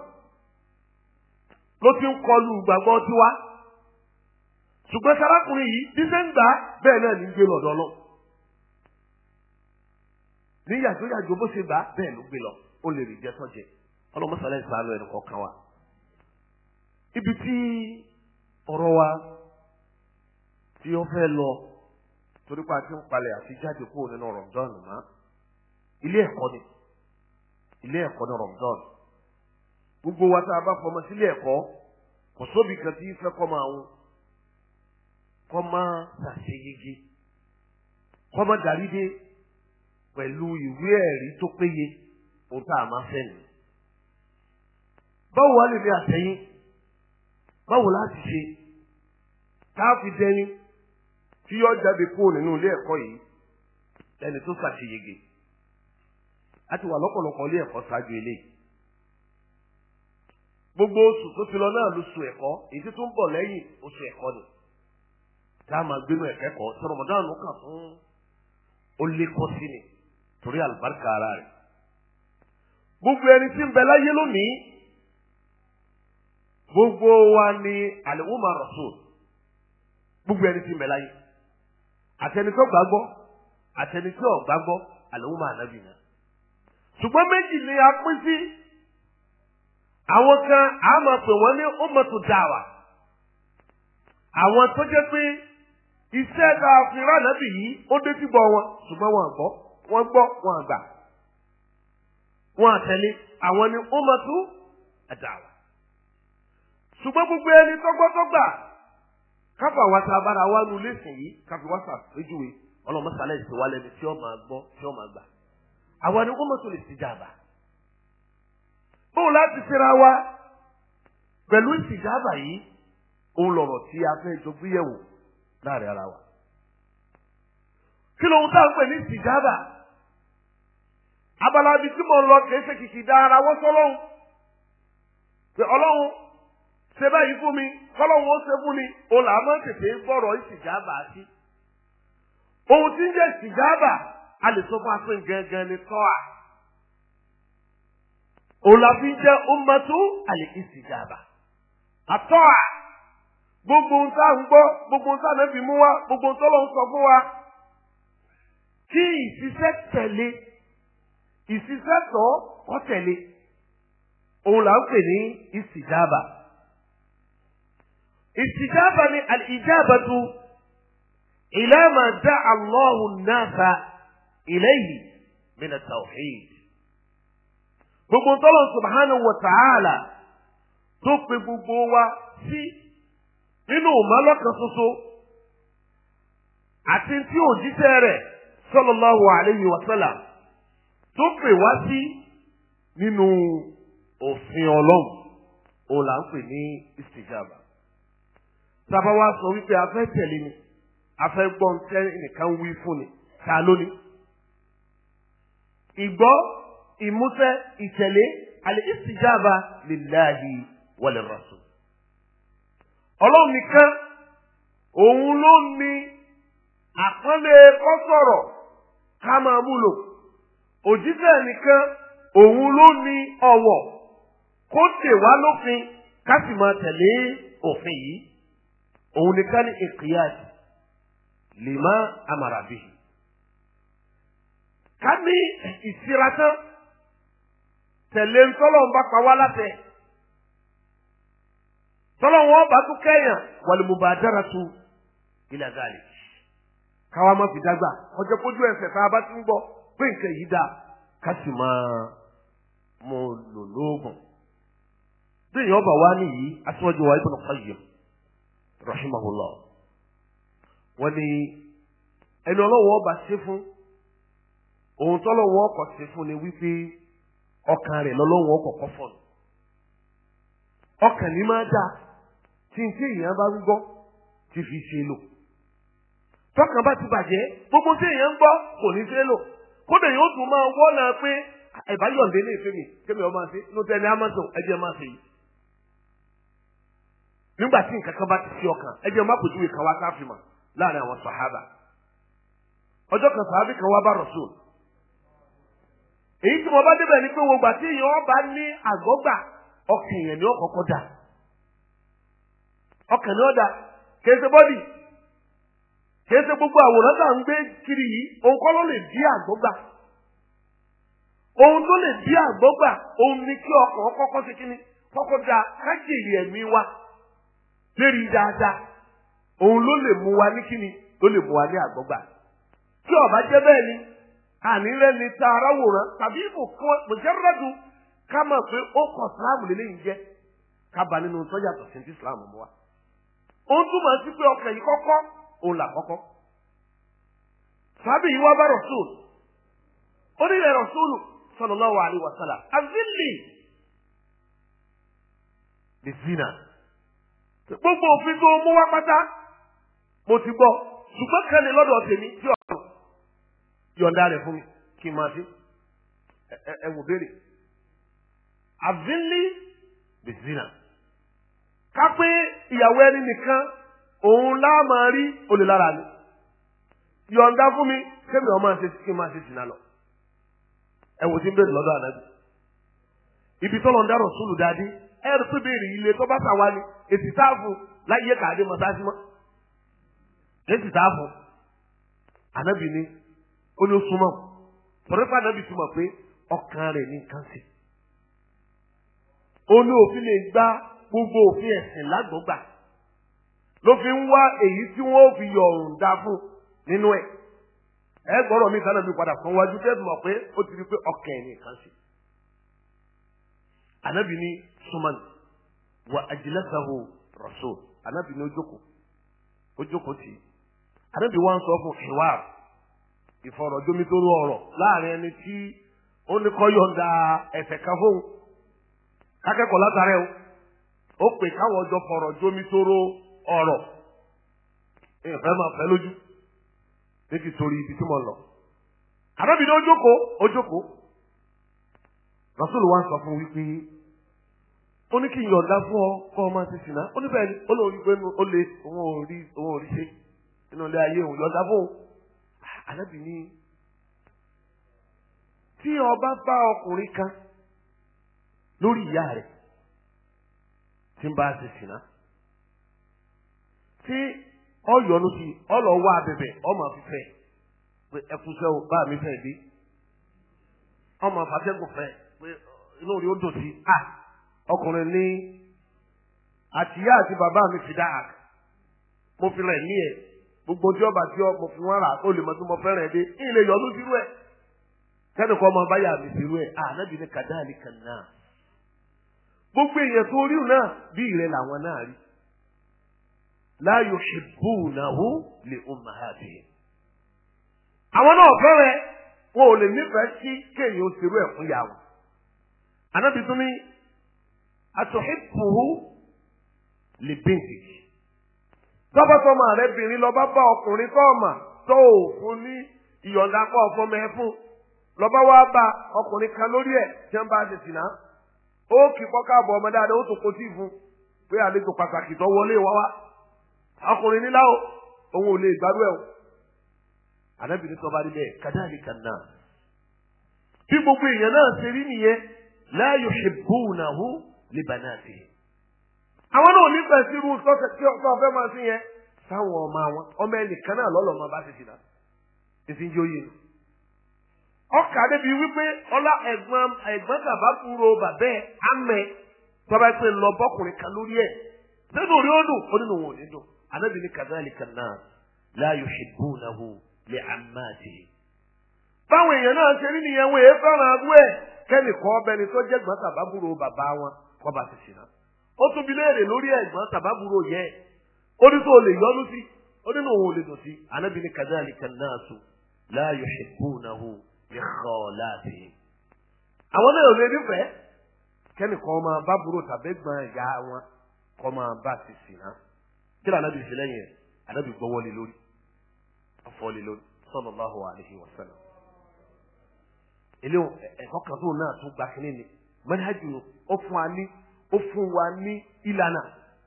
A: ló ti ń kọlu ìgbàgbọ́ tiwa ṣùgbọ́n sárákùnrin yìí dísẹ́ǹgbà bẹ́ẹ̀ náà ní gbé lọ́dọ̀ lọ ní yàjóyàjó bó ṣe gbà bẹ́ẹ̀ ló gbé lọ ó lè rí jẹ́ sọ́jẹ́ ọlọ́mọsálẹ̀ ìsàlọ̀ ẹnì kọ̀ọ̀kan wa ibi tí ọ̀rọ̀ wa tí ó fẹ́ lọ torípa tí ń palẹ̀ àti jáde kúrò nínú ọ̀rọ̀ dọ́ọ̀nù mọ́ ilé ẹ̀kọ́ ni ilé ẹ̀kọ́ ní Ramadan gbogbo wa tá a bá fọmọ sílé ẹ̀kọ́ kò sóbì kan tí fẹ́ kọ́ máa ń kọ́ máa ṣàṣeyege kọ́ máa darí dé pẹ̀lú ìwé ẹ̀rí tó péye ohun tá a máa fẹ́ nù. báwo wá lè ní àtẹ̀yìn báwo láti ṣe tá a fi dẹni tí yọ jáde kúrò nínú ilé ẹ̀kọ́ yìí ẹni tó ṣàṣeyege a ti wà lọ́pọ̀lọpọ̀ ilé ẹ̀kọ́ ṣáájú ilé gbogbo oṣù tó ti lọ náà lóṣù ẹ̀kọ́ èyí tó ń bọ̀ lẹ́yìn oṣù ẹ̀kọ́ ni tá a máa gbénu ẹ̀kẹ́ kọ́ tí Ramadan kà fún ó sí ni torí àlùbáríkà ara rẹ̀ gbogbo ẹni tí ń bẹ láyé lónìí gbogbo wa ni àlùwùmá Rasul gbogbo ẹni tí ń bẹ láyé àtẹnitọ́ gbàgbọ́ àtẹnitọ́ gbàgbọ́ àlùwùmá ànábì ṣùgbọ́n méjì ni a pín sí àwọn kan a máa pè wọ́n ní ọmọtò dàwà àwọn tó jẹ́ pé iṣẹ́ tá a fi ránàbì yìí ó dé síbọ̀ wọn ṣùgbọ́n wọn gbọ́ wọn gbọ́ wọn gbà wọn àtẹ̀lé àwọn ni ọmọtò dàwà ṣùgbọ́n gbogbo ẹni tọ́gbọ́tọ́gbà káfà wá tá a bára nu lẹ́sìn yìí káfí wá sàpéjúwe ọlọ́mọsálẹ̀ ìṣèwálẹ̀ ni tí ó máa gbọ́ tí ó máa gbà àwa ni ummatul istijaba bóun láti síra wa pẹ̀lú istijaba yìí òun lọ̀rọ̀ tí a fẹ́ jọ gbéyẹ̀wò láàrin ara wa kí lóun tá à ń pè ní istijaba abala bíi tí mo lọ kìí ṣe kìkì dá ara wọ́n sọ́lọ́hún pé ọlọ́hun ṣe báyìí fún mi kọ́lọ́hún ó ṣe fún mi òun làá máa tètè gbọ́rọ̀ istijaba sí ohun tí ń jẹ́ istijaba a lè sọ fún apẹ́ gangan ni tọ́ à. òlàfin jẹ́ ummatu al-istijaba. àtọ́ à gbogbo ń tá à ń gbọ́ gbogbo ń tá à náà fi mú wa gbogbo ń tọ́lọ́ sọ fún wa. kí ìṣiṣẹ́ tẹ̀lé ìṣiṣẹ́ tọ́ kọ́ tẹ̀lé òun là ń pè ní ni al-ijabatu ila ma da'a Allahu an-nasa. إليه من التوحيد gbogbo ntọ́lọ̀ subhanahu wa ta'ala tó pe gbogbo wa sí nínú ìmọ̀lọ́kan ṣoṣo àti tí rẹ̀ alayhi wa sallam tó pè wá sí nínú òfin ọlọ́run òun là ń istijaba wípé a fẹ́ ìgbọ́ ìmúṣẹ ìtẹ̀lé àlè ìsìjáàbá lillahi wàlẹ̀ rasul. ọlọ́run nìkan òun ló ní àpọ́nlé kọ́sọ̀rọ̀ ká máa múlò òjíṣẹ́ nìkan òun ló ní ọ̀wọ̀ kó tè wá lófin ká sì máa tẹ̀lé òfin yìí òun nìkan ní ìkìyàjì lè má amàràbí yìí ká ní ìsira tán tẹ̀lé ńtọ́lọ̀ ń bá pa wá látẹ̀ tọ́lọ̀ wọn bá tún kẹ́yàn wàlùmùbà dára tu ilẹ̀ gàlè káwa má fi dágbà ọjọ́ kójú ẹsẹ̀ tá a bá ti ń bọ̀ pé nǹkan yìí dáa ká sì máa mú lò lóògùn bí èèyàn bá wá nìyí aṣíwájú wa Ibn Qayyim rahimahullah wọ́n ní ẹni ọlọ́wọ́ ọba ṣe fún ohun tọ́lọ̀ wọn ọkọ̀ sí fún ni wípé ọkàn rẹ̀ lọ́lọ́wọ́ ọkọ̀ kọ́ fọ́ọ̀nù ọkàn ní máa dáa tí n tí èèyàn bá ń gbọ́ ti fi ṣe lò tọkàn bá ti bàjẹ́ gbogbo tí èèyàn ń gbọ́ kò ní ṣe lò kódà yóò tún máa wọ́nà pé ìbáyọ̀dé ní ìfẹ́ mi kémi amazon máa ṣe yìí nígbà tí nǹkan èyí tí mo bá débẹ̀ ni pé wògbà tí bá ní àgọ́gbà ọkàn ni ó dà ọkàn ni ó dà kì gbogbo àwòrán tá à ń gbé kiri yìí òun kọ́ ló lè dí àgọ́gbà ohun tó lè dí àgọ́gbà òun ni kí ọkàn kọ́kọ́ kini kíni kọ́kọ́ da kájèrè ẹ̀mí wa lérí dáadáa òun ló lè mú wa ní kíni ló lè ànílẹ̀ ni tá ara wòran tàbí mùjẹ́rẹ́dù ká mọ̀ pé ó kọ̀ síláàmù lélẹ́yìn jẹ́ ká bá nínú tó yàtọ̀ ti síláàmù mọ́ wa. ó ń túmọ̀ sí pé ọkàn yìí kọ́kọ́ òun là kọ́kọ́. sábì yìí wá bá rọ̀sùl ó ní ilẹ̀ zina. gbogbo òfin tó mú wá pátá mo ti gbọ́ ṣùgbọ́n lọ́dọ̀ tèmi yọ̀ǹda rẹ̀ fún mi kí n máa ṣe ẹ wò béèrè àbílí bìzínà ká pé ìyàwó ẹni nìkan òun láàmà rí olè lára yọ̀ǹda fún mi kémi ọmọ ṣe kí n máa ṣe zìnà lọ ẹ wò ibi tọ́lọ̀ ń dá dáadé ẹ rí pé béèrè ilé tó bá sàwa ni èsì táàfù láyé kàdé ó ní ó súnmọ́ pọ̀rẹ́pà náà bí túmọ̀ pé ọkàn rẹ̀ ní nǹkan sí. ó ní òfin lè gba gbogbo òfin ẹ̀sìn lágbógbà ló fi ń wá èyí tí wọ́n fi yọ̀rùn dá fún nínú ẹ̀ ẹ gbọ́dọ̀ mi kan náà mi padà fún wájú tẹ́sí mọ̀ pé ó ti rí pé ọkàn ẹ̀ ní nǹkan ànábì ní súnmọ́ ni wà àjìlẹ́sàwò rọ̀ṣọ́ ànábì ní ó jókòó ó ànábì wá sọ fún ìwà ìfọ̀rọ̀jomitoro ọ̀rọ̀ láàrin ẹni tí ó ní kọ́ yọ̀ǹda ẹ̀sẹ̀ kan fóun kákẹ́kọ̀ọ́ látara ẹ̀ ó pè káwọn jọ fọ̀rọ̀jomitoro ọ̀rọ̀ ìfẹ́ máa fẹ́ lójú ní ti torí ibi tí mo lọ. àbẹ́bìnrin ó jókòó ó jókòó Rasul wa sọ fún wípé ó ní kí n yọ̀ǹda fún ọ kọ́ ọ máa ti sìnà ó ní bẹ́ẹ̀ ni ó lóun rí pé ó le òun ò rí ṣe nínú ilé ayé òun yọ̀ǹda fún òun ànábì ní tí ọba bá ọkùnrin kan lórí ìyá rẹ̀ tí ń bá a ṣe sìnà tí ọyọnu sí ọlọ wá abẹbẹ ọmọ afẹfẹ pé ẹkúṣẹ o bá mi fẹ bí ọmọ afẹfẹgùn fẹ pé inú rí ó dùn sí a ọkùnrin ní àtìyá àti bàbá mi fi dá mo fi rẹ ní ẹ gbogbo tí ọba tí ọ mo fi wọn rà ó lè mọ tí mo fẹ́ràn ẹ dé ilé yọ ọdún sírú ẹ kẹ́ni kọ́ ọmọ báyà mi sírú ẹ ànábì ní kàdáàlì kan náà gbogbo èèyàn tó rí náà bí ìrẹ làwọn náà rí láàyò ṣìbùnàwó lè ó máa bẹ̀ àwọn náà fẹ́rẹ̀ wọn ò lè nífẹ̀ẹ́ sí kéèyàn ó sírú ẹ̀ fún yà wọn ànábì tún ní àtọ̀hìpùhù lè bẹ́ǹtì tọ́bọ́tọ́mọ rẹ bìnrin lọ bá bá ọkùnrin tọ́ọ̀mà tó ò fún ní ìyọ̀ǹda pọ̀ fọmọ ẹ fún lọ́ba wá bá ọkùnrin kan lórí ẹ̀ jẹ́ ń bá ṣe sìnà ó kì í kọ́ka àbọ̀ ọmọ dáadáa ó tó kó tí ì fún pé àlejò pàtàkì tó wọlé wá wá ọkùnrin nílá o òun ò lè gbádùn ẹ̀ o àdábìnrin tó bá nílẹ̀ kàdáàlì kan bí gbogbo èèyàn náà ṣe rí nìyẹn la yuhibbunahu libanatihi àwọn náà nífẹ̀ẹ́ sí irú sọ́sẹ̀ tí ọ̀sán ọ̀fẹ́ máa sí yẹn sáwọn ọmọ àwọn ọmọ ẹnìkan náà lọ́lọ́ ọmọ bá ti sì náà èsì ń jóye nù. ọkà débi wípé ọlá ẹ̀gbọ́n ẹ̀gbọ́n bàbá kúrò bàbẹ́ amẹ́ tọ́ba pé lọ bọ́kùnrin kan lórí ẹ̀ nínú rí ó ó nínú wọn ò ní dùn anábì ní kàdáàlìkà náà láàyò ṣègùn náà lè àmà àti. báwọn èèyàn náà ṣe rí nìyẹn wọn èé fẹ́ràn agbó ẹ̀ kẹ́nìkan ọbẹ̀ ni tó jẹ́ gbọ́n bàbá kúrò bàbá wọn kọ́ bá ti sì ó tún bi léèrè lórí ẹ̀gbọ́n tàbábúrò yẹ ó ní tó lè yọnu sí ó nínú òun ò lè dùn sí anábì ní kadhalika an-nasu la yuhibbunahu li khalatihim. àwọn náà lè nífẹ̀ẹ́ kẹ́nìkan máa bá burú tàbí gbọ́n ìyá wọn kọ́ máa bá ti sì náà kí lànà bí ìṣẹ̀lẹ̀ anábì gbọ́wọ́ lé lórí ọ̀fọ́ lé lórí sallallahu alaihi wa sallam. eléwọ̀n ẹ̀kọ́ kan tó náà tún gbà kínní ni manhaju ó fún wa ní ó fún wa ní ìlànà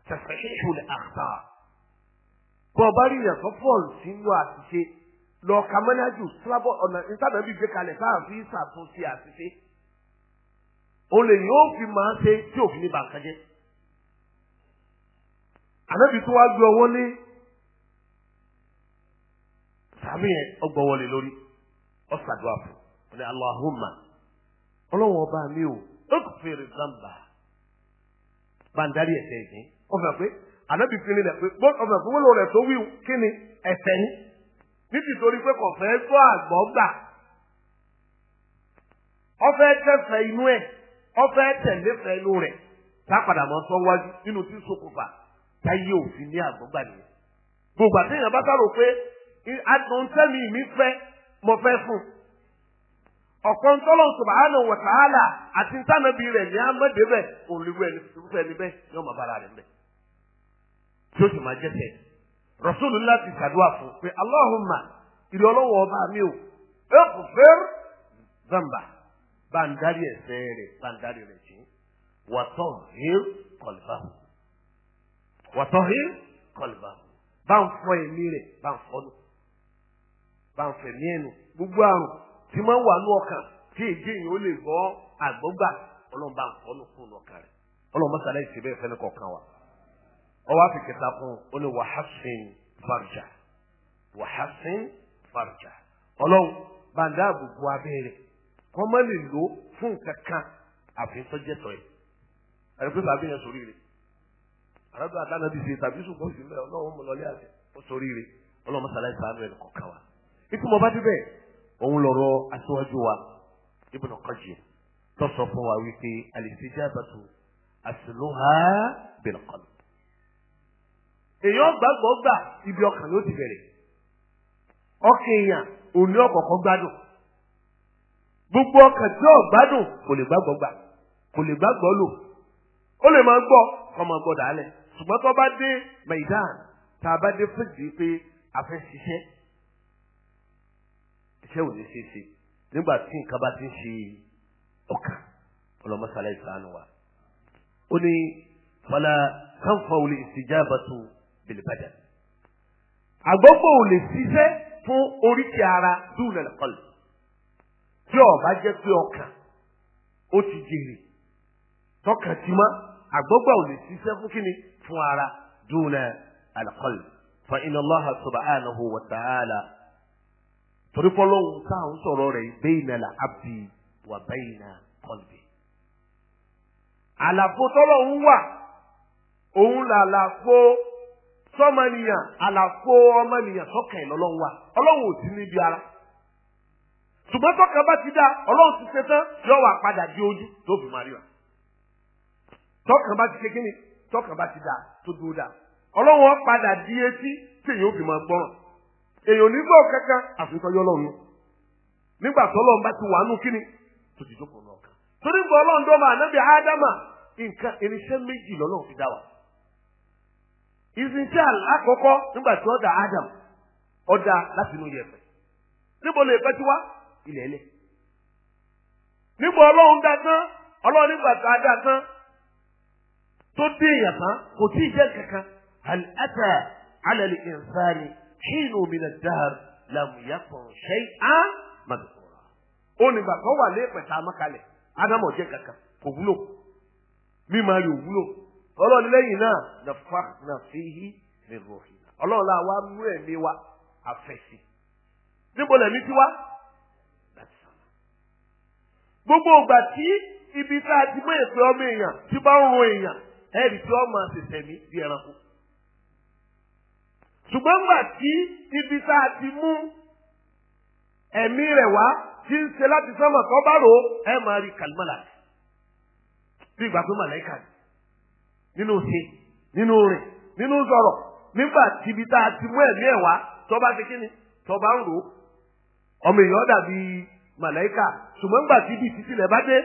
A: tẹ̀sán-ṣíṣù àṣà rí ìyàn kan fọ́ọ̀lù sínú àṣìṣe mọ́nájú sábọ̀ ọ̀nà bíi àṣìṣe olè fi máa ṣe tí òfin ní ànábì tó wá gbé ọwọ́ sàmì yẹn lórí ọ̀nà ọlọ́wọ́ ọba mi ò ó bá ń darí ẹ̀ṣẹ̀ ìgbín ó fẹ́ pé ànábì fi nílẹ̀ pé ó fẹ́ pé wọ́n lò rẹ̀ tó wí kí ni ẹ̀ṣẹ̀ ni nítorí pé kò fẹ́ gbọ́ àgbọ̀ gbà ó fẹ́ tẹ̀fẹ̀ inú ẹ̀ ó fẹ́ tẹ̀lé fẹ́ inú rẹ̀ sápadà mọ́ sọ wájú nínú tí ṣokùnfà táyé òfin ní àgbọ̀gbà nìyẹn gbogbo àtẹ̀yìn abátàrò pé adùn tẹ́mi mi fẹ́ mo fẹ́ fún un ọ̀kan tọ́lọ̀ subhanahu wa ta'ala àti ntànàbí rẹ̀ ní amẹ́dẹ́ bẹ́ẹ̀ olùwẹ̀ nífẹ̀ níbẹ̀ ní ọmọ bàrà rẹ̀ bẹ́ẹ̀. tí ó sì máa jẹ́sẹ̀ Rasulullah ti ṣàdúrà fún pé Allahumma ìrì ọlọ́wọ́ ọba mi ò ighfir zamba bá ń darí ẹ̀ṣẹ̀ rẹ̀ bá ń darí rẹ̀ jìn wa tahhir qalbahu wa tahhir qalbahu bá ń fọ tí máa ń wà ní ọkàn tí èjì yìí ó lè gbọ́ àgbọ́gbà ọlọ́run bá ń kọ́ ló fún ọkàn rẹ̀ ọlọ́run mọ́sálẹ̀ ìṣe bẹ́ẹ̀ fẹ́lẹ́ kọ̀ọ̀kan wa ọwọ́ àfikẹ́ta fún ó ní wàhásìn farja wàhásìn farja ọlọ́run bá ń dáàbò bo abẹ́rẹ́ kọ́ má lè lò fún nǹkan kan àfihàn tó jẹ́ tọ́ ẹ̀ ẹ̀rọ pé tàbí sórí rẹ̀ àràbí àtàlà òun lọ́rọ̀ aṣáájú wa Ibn Qayyim tó sọ fún wa wípé al-istijabatu asluha bil-qalb. èèyàn gbàgbọ́ gbà ibi ọkàn ló ti bẹ̀rẹ̀ ọkàn èèyàn òun ní ọ̀kọ̀ọ̀kan gbádùn gbogbo ọkàn tí ò gbádùn kò lè gbàgbọ́ gbà kò lè gbàgbọ́ lò ó lè máa gbọ́ kọ́ máa gbọ́ dàálẹ̀ ṣùgbọ́n tó bá dé maidan tá a bá dé fún ìdí pé a fẹ́ ṣiṣẹ́ iṣẹ́ ò ní ṣe é ṣe nígbà tí nǹkan bá ti ń ṣe ọkàn ọlọmọsálẹ ìsànù wa. ó ní fala sanfa ò lè istijabatu bil badan. àgbọ́gbọ́ ò lè ṣiṣẹ́ fún oríkì ara dùn lẹ́kọ̀lù tí ọba jẹ́ pé ọkàn ó ti jèrè tọkàn tí ma àgbọ́gbọ́ ò lè ṣiṣẹ́ fún kíni fún ara dùn lẹ́kọ̀lù fa inna Allaha subhanahu wa ta'ala torí fọlọ́hún tá à ń sọ̀rọ̀ rẹ̀ bẹ́yìnà là abdi wà bẹ́yìnà kọ́lbì. àlàfo tọ́lọ́hún wà òun làlàfo sọ́mọnìyàn àlàfo ọmọnìyàn sọ́kàn lọ́lọ́hún wà ọlọ́hún ò sí níbi ara. ṣùgbọ́n sọ́kàn bá ti dá ọlọ́hún ti ṣe tán yóò wà padà di ojú tó fi máa rí wa. sọ́kàn bá ti ṣe kí ni sọ́kàn bá ti dá tó dúró dá ọlọ́hún ó padà di etí tí èyí ó fi máa gbọ́ràn. èèyàn onígbà kankan àfihàn ọlọrun nígbà tó lọ́run bá ti wà nù kíni tó ti jókòó lọ́ọ̀kan torí ń ọlọrun ọlọ́run dọ́mọ ànábì ádámà nǹkan méjì fi dá wa irinṣẹ́ àkọ́kọ́ nígbà tí ọ̀dà ádám ọ̀dà láti inú yẹ̀pẹ̀ níbo lè wá ilẹ̀ حين من الدهر لم يكن شيئا مذكورا ó ní gbà tó wà lẹ́pẹ̀ tá a mọ́ kalẹ̀ ádámọ̀ jẹ́ kankan kò wúlò mímọ yóò wúlò ọlọ́run lẹ́yìn náà nafakhna fihi min ruhina ọlọ́run la wa mú ẹ̀mí wa àfẹ̀sì níbo lẹ̀mí ti wá gbogbo ìgbà tí ibi tá a ti mọ èpè ọmọ èèyàn tí bá ń ro èèyàn ẹ̀rì tí wọ́n máa ṣẹ̀ṣẹ̀ mí di ẹranko ṣùgbọ́n gbà tí ibi tá a ti mú ẹ̀mí rẹ̀ wá tí ń ṣe láti sọ́mọ̀ tó bá rò ẹ máa rí kàlímọ́là bí ìgbà pé màláìkà nínú ṣe nínú rìn nínú sọ̀rọ̀ nígbà tí ibi tá a ti mú ẹ̀mí ẹ̀ wá tó bá ṣe kíni tó bá ń rò ọmọ èèyàn dàbí màláìkà ṣùgbọ́n gbà tí ibi títí rẹ̀ bá dé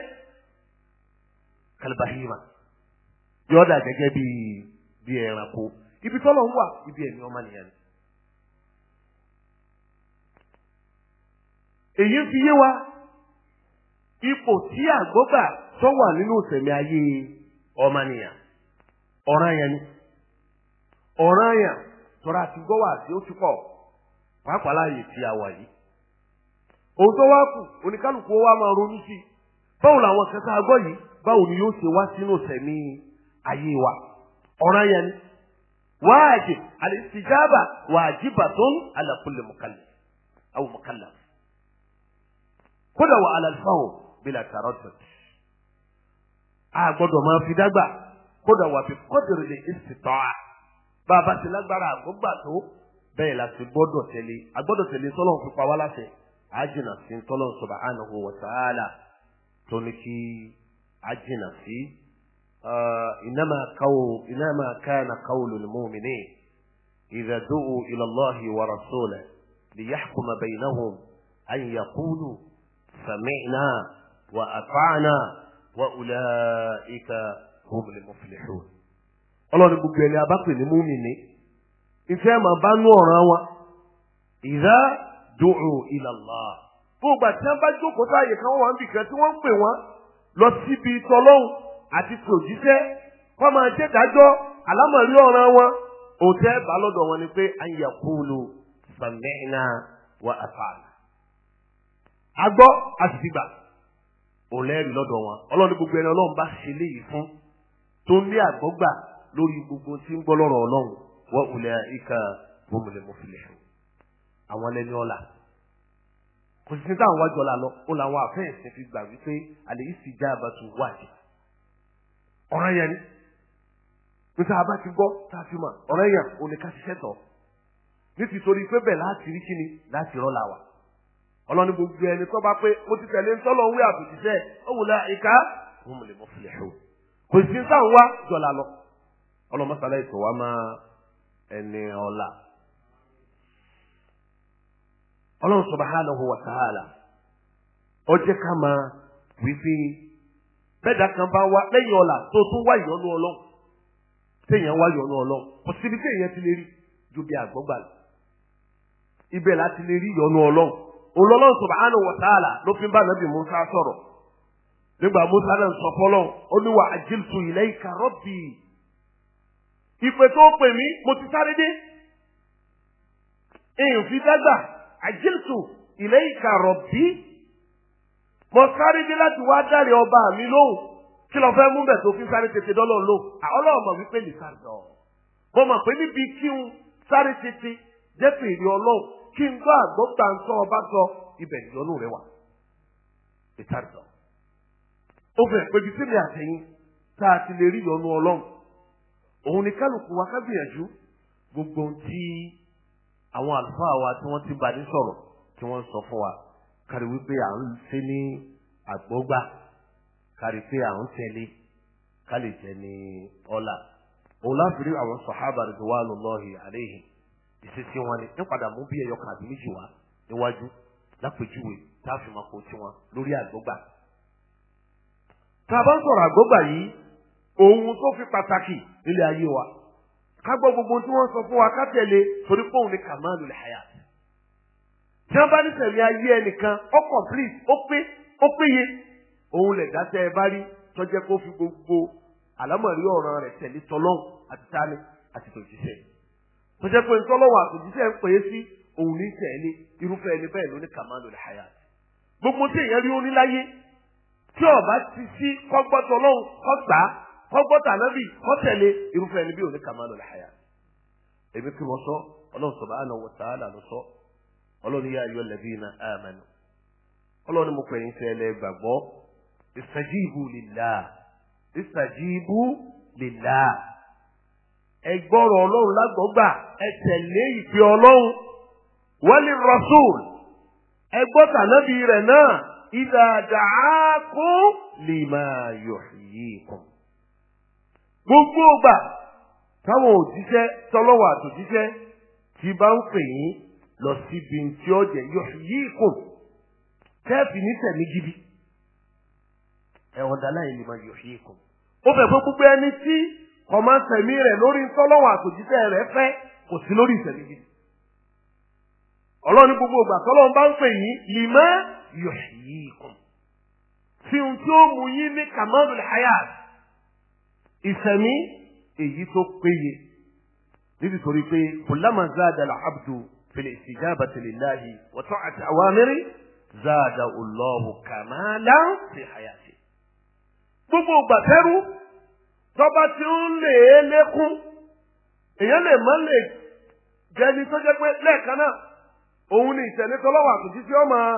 A: kàlíbàhìmà yọ̀ọ́dà gẹ́gẹ́ bí ẹranko. ibi tọ́lọ̀ ń wà ibi ẹ̀mí ọmọ nìyẹn èyí ń fi yé wa ipò tí àgbọ́gbà tó wà nínú ìsẹ̀mí ayé ọmọnìyàn ọ̀ràn yẹn ni ọ̀ràn yẹn tọ́ra ti gbọ́ wà tí ó ti pọ̀ pàápàá láàyè tí a wà yìí òun tó wá kù oníkálukú wa máa ronú sí i báwo làwọn kẹta agbọ́ yìí báwo ni yóò ṣe wá sínú ìsẹ̀mí ayé wa ọ̀ràn yẹn ni. واجب الاستجابة واجبة على كل مكلف أو مكلف كله على الفهم بلا تردد أعبد ما في دبع كله وبقدر الاستطاعة بابا سلاgbara agbogbo àtó bẹ́ẹ̀ la ti gbọ́dọ̀ tẹ̀lé agbọ́dọ̀ tẹ̀lé tọ́lọ́hún fipá wá láṣẹ àjìnà sí tọ́lọ́hún subhanahu wa ta'ala tó ní kí àjìnà sí إنما قول إنما كان قول المؤمنين إذا دعوا إلى الله ورسوله ليحكم بينهم أن يقولوا سمعنا وأطعنا وأولئك هم المفلحون Ọlọ́run gbogbo ẹni abápè ní múmìnì ìfẹ́ máa bá nú ọ̀ràn wọn ìdá dùnrù ìlàlá gbogbo àti tí wọ́n bá jókòó sáàyè kan wọ́n wà ń bìkan tí wọ́n ń pè wọ́n lọ síbi tọ́lọ́hùn àti ti òjíṣẹ́ kọ́ máa jẹ́ dájọ́ àlámọ̀rí ọ̀ràn wọn òtẹ́ bá lọ́dọ̀ wọn ni pé àyàkúlù sàmẹ́ẹ̀nà wà àfààní. a gbọ́ a sì ti gbà òun lẹ́rìí lọ́dọ̀ wọn ọlọ́run gbogbo ẹni ọlọ́run bá ṣe léyìí fún tó ní àgbọ́gbà lórí gbogbo tí ń gbọ́ lọ́rọ̀ ọlọ́run wọ́n wulẹ̀ ika gbọ́mọlẹ̀ mọ́fìlẹ̀ àwọn ẹlẹ́ni ọ̀la kò sí ní táwọn wájú ọ̀la lọ ó làwọn àfẹ́ ẹ̀sìn fi gbà wípé àlè ìsìjà àbàtù wájú ọ̀ràn yẹn ni níta a bá ti gbọ́ tá a fi mà ọ̀ràn yẹn ò ní ká ṣiṣẹ́ tọ̀ nítorí pé bẹ́ẹ̀ láti rí kíni láti wa ọlọ́ni gbogbo ẹni tó bá pé mo ti tẹ̀lé ńsọ́lọ̀ ń wí àbùjíṣẹ́ ọ̀wùlà ìka wọn lè mọ filẹ̀ o kò sí sáwọn wá lọ ọlọmọsálá ètò wa máa ẹni ọ̀la ọlọ́run ká máa wípé. bẹ́ẹ̀dá kan bá wá lẹ́yìn ọ̀la tó tún wá ìyọ́nú ọlọ́run téèyàn wá ìyọ́nú ọlọ́run kò síbi téèyàn ti lè rí ju bí àgbọ́gbà lọ. ibẹ̀ láti lè rí ìyọ́nú ọlọ́run olọ́lọ́run subhanahu wa ta'ala ló fi ń bá nàbì Musa sọ̀rọ̀ nígbà Musa náà sọ fọlọ́n ó ní wa ajiltu ìpè tó pè mí mo ti sáré dé èèyàn fi dágbà ajiltu ilayka rabbi mo sáré dé láti wá dáre ọba mi lóhùn kí lọ fẹ́ mú bẹ̀ tó fi sáré tètè dọ́lọ́ lò ah, ọlọ́run mọ̀ wípé lè sáré lọ. mo mọ̀ pé níbi kí n sáré tètè jẹ́ pé èrè ọlọ́run kí n gbọ́ àgbọ̀ gbà ń sọ ọba sọ ibẹ̀ ìyọnu rẹ wà lè sáré lọ. ó fẹ́ pé ibi tí tá a ti lè rí ìyọnu ọlọ́run òun ni kálukú wa ká gbogbo ohun tí àwọn àlùfáà wa tí wọ́n ti bá ní sọ̀rọ̀ tí wọ́n sọ fún wa kárí wípé à ń ṣe ní àgbọ́gbà kárí pé à ń tẹ̀lé kálí jẹ́ ní ọ̀la òun láfìrí àwọn sọ̀hábà rẹ̀ wà lọ́lọ́hìn àléhìn ìṣesí wọn ni ní padà mú bí ẹyọ kan àbí méjì wá níwájú lápèjúwe tá a fi máa kó tiwọn lórí àgbọ́gbà tá a bá ń sọ̀rọ̀ àgbọ́gbà yìí ohun tó fi pàtàkì nílé ayé wa ká gbọ́ gbogbo tí wọ́n sọ fún wa ká tẹ̀lé torí pé òun kàmáàlú lè hayat tí wọ́n bá ní sẹ̀mí ayé ẹnìkan ó complete ó pé ó péye òun lè dáṣẹ́ ẹ bá rí tọ́jẹ́ kó fi gbogbo àlámọ̀rí ọ̀ràn rẹ̀ tẹ̀lé tọ́lọ́hùn àti tani àti tòjíṣẹ́ tọ́jẹ́ pé tọ́lọ́hùn àti tòjíṣẹ́ ń pè é sí òun ní tẹ̀lé irúfẹ́ ẹni bẹ́ẹ̀ ló ní kàmáàlú ní hayat gbogbo tí èèyàn rí ó ní láyé tí ọba ti sí kọ́gbọ́tọ̀ ọlọ́run kọ́gbà kọ́gbọ́tà nábì kọ́tẹ̀lé irúfẹ́ ẹni bí òní kàmáàlú ní hayat èmi kí wọ́n sọ ọlọ́run subhanahu wa ta'ala ló sọ ọlọ́run yá ayọ́ lẹ́bí iná àmánù ọlọ́run mo pẹ̀yìn sí ẹlẹ́ gbàgbọ́ ìsàjìbù lìlá ìsàjìbù lìlá ẹgbọ́rọ̀ ọlọ́run lágbọ́gbà ẹ tẹ̀lé ìpè ọlọ́run wali rasul ẹgbọ́ta nábì rẹ̀ náà ìdá da'akum lima yuhyikum gbogbo ọgbà táwọn òjíṣẹ́ tọlọ́wọ́ àtòjíṣẹ́ ti bá ń pè yín lọ síbi tí ó jẹ yóò yí kò tẹ́ẹ̀fì ní tẹ̀mí gidi ẹ̀wọ̀n dáná ìlú máa yóò yí kò. ó fẹ́ pé gbogbo ẹni tí kọ̀mọ́ tẹ̀mí rẹ̀ lórí tọ́lọ́wọ̀n àtòjíṣẹ́ rẹ̀ fẹ́ kò sí lórí ìtẹ̀mí gidi. ọlọ́run gbogbo ìgbà tọ́lọ́run bá ń pè yín lìmọ́ yóò yí kò. fi ohun tí ó mú yín ní kamalul hayat ìsẹ̀mí èyí tó péye nítorí pé kullama zada al-abdu في الاستجابة لله وطاعة أوامره زاد الله كمالا في حياته gbogbo gbàtẹ́rù tọ́ba tí ó ń lè é lékún èèyàn lè mọ́ lè jẹni tó jẹ́ pé lẹ́ẹ̀kan náà òun ni ìtẹ̀lé tọ́lọ́wọ́ àtúntí tí ó máa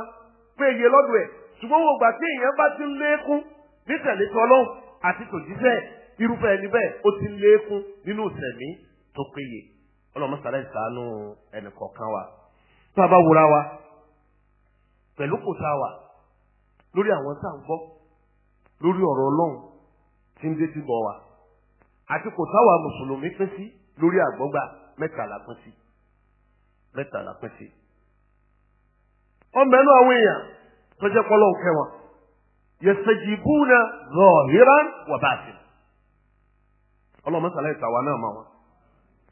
A: péye lọ́dọ̀ ẹ̀ ṣùgbọ́n gbogbo gbàtí èèyàn bá ti ń lékún ní tẹ̀lé tọ́lọ́hùn àti tòjíṣẹ́ irúfẹ́ ẹni bẹ́ẹ̀ ó ti ń lékún nínú ìsẹ̀mí tó péye ọlọ́mọ sàlẹ̀ sànú ẹnìkọ̀ọ̀kan wa tá a bá wura wa pẹ̀lú kò tá a wà lórí àwọn tá à ń gbọ́ lórí ọ̀rọ̀ ọlọ́run tí ń dé ti bọ̀ wa àti kò tá a wà mùsùlùmí pín sí lórí àgbọ́gbà mẹ́tàlá pín sí mẹ́tàlá pín sí. ọmọ ẹnu àwọn èèyàn tó jẹ́ pọ́lọ́ òkè wọn yastajibuna zahiran wa batin ọlọ́mọ sàlẹ̀ ìtàwa náà máa wọn.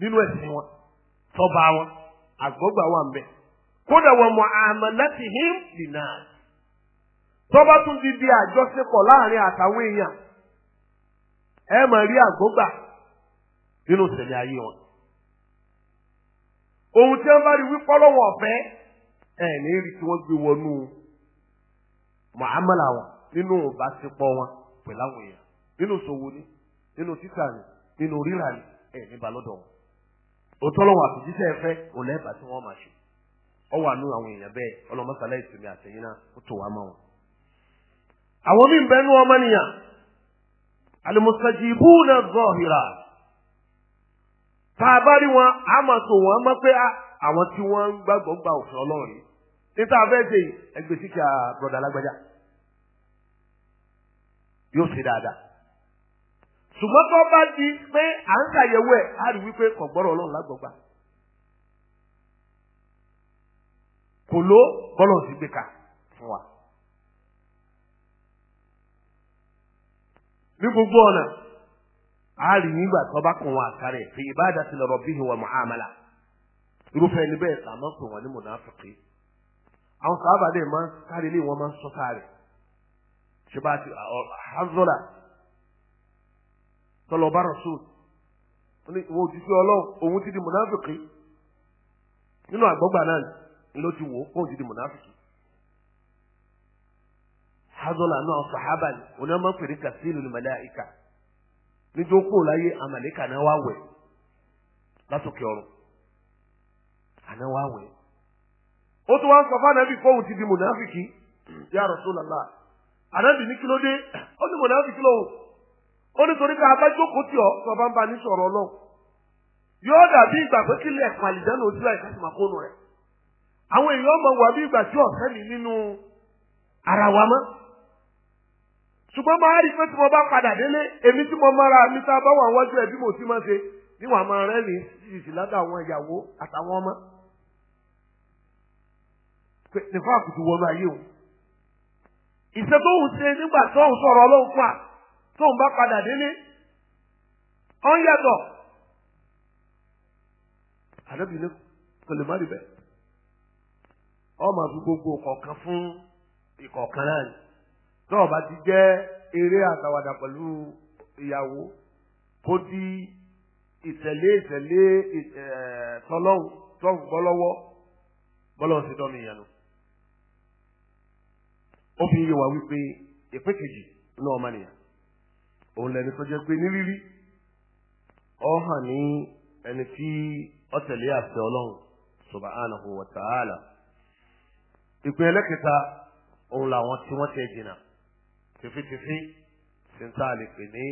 A: nínú ẹ̀sìn wọn tọba wọn àgbọ́gbà wà ń kódà wọn mọ àmàlẹ́tìhìn dìnnà tọba tún ti di àjọṣepọ̀ láàrin àtàwọn èèyàn ẹ nínú ayé wọn ohun tí wọn bá rí ní rí tí gbé wọnú nínú wọn nínú nínú títà nínú rírà ni ẹ ní òtọ́lọ́wọ́ àtìjíṣẹ́ ẹ̀fẹ́ òlẹ́bà tí wọ́n máa ṣe ọwọ́ àánú àwọn èèyàn bẹ́ẹ̀ ọlọ́mọsálá ìsinmi àtẹ̀yìn náà ó tò wá mọ́ wọn. àwọn míì bẹ́ẹ̀ nú ọmọnìyàn alimusajibuna zọhìrà tá a bá rí wọn a máa tò wọn mọ́ pé ah, àwọn tí wọ́n ń gbàgbọ́ gba òfin ọlọ́run níta fẹ́ ṣe ẹgbẹ́ síkà bọ̀dà alágbájá yóò ṣe dáadáa ṣùgbọ́n tó bá di pé à ń ṣàyẹ̀wò ẹ̀ á rí wípé kò gbọ́rọ̀ ọlọ́run lágbọ̀gbà kò ló bọ́lọ̀ sí gbé ka fún wa. ní gbogbo ọ̀nà a rí nígbà tó bá kàn wọn àkàrẹ̀ fi ìbáàdà ti lọ́rọ̀ bí ìwà muhammala irúfẹ́ ẹni bẹ́ẹ̀ là máa wọ́n ní mùnàfíkì àwọn sábà máa ń sáré lé wọn máa ń sọ sáré ṣe bá ti àzọ́là tọlọ bá rasul ó ní ìwọ òjijì Ọlọ́run òun ti di mùnàfìkì nínú àgbọgbà náà ló ti wò ó òun ti di mùnàfìkì hazola náà sàhábà ni òun náà máa ń pèrè kàsílù ní màláìka níjó kó láyé àmàlíkà náà wá wẹ̀ látòkè ọ̀run àná wá wẹ̀ ó tún wá sọ fún ànábì fóun ti di mùnàfìkì ya rasul Allah ànábì ní kí ló dé ó ní mùnàfìkì lóhùn. ó ní torí pé abájókòó tí ọ sọ bá ń bá ní sọ̀rọ̀ ọlọ́run yóò dàbí ìgbà pé kílẹ̀ ẹ̀kún àlìjáná ojú ẹ̀ káṣí máa kónú rẹ̀ àwọn èèyàn mọ̀ bí ìgbà tí mi nínú ara wa mọ́ ṣùgbọ́n máa rí pé tí mo bá padà délé èmi tí mo mọ́ra mi tá bá wà wájú bí mo ti máa ṣe ládà àwọn ìyàwó àtàwọn ọmọ àkùtù wọnú ayé tóun bá padà délé ọ̀n yàtọ̀ àdébìnrin kò lè má rí bẹ́ẹ̀ ọmọ àfi gbogbo kọ̀ọ̀kan fún ìkọ̀ọ̀kan náà ni tọ́ọ̀ bá ti jẹ́ eré àtàwàdà pẹ̀lú ìyàwó kó di ìtẹ̀lé ìtẹ̀lé tọ́lọ́hùn tọ́hùn gbọ́lọ́wọ́ bọ́lọ́hùn sí dọ́mi ìyànú. ó fi yé wa wípé ìpín kejì ní ọmọ nìyàn òun lẹni tó jẹ́ pé ní rírí ọ hàn ní ẹni tí ó tẹ̀lé àṣẹ ọlọ́run subhanahu wa ta'ala ìpín ẹlẹ́kẹta òun làwọn tí wọ́n tẹ̀ jìnnà tìfitìfi tí n táà lè pè ní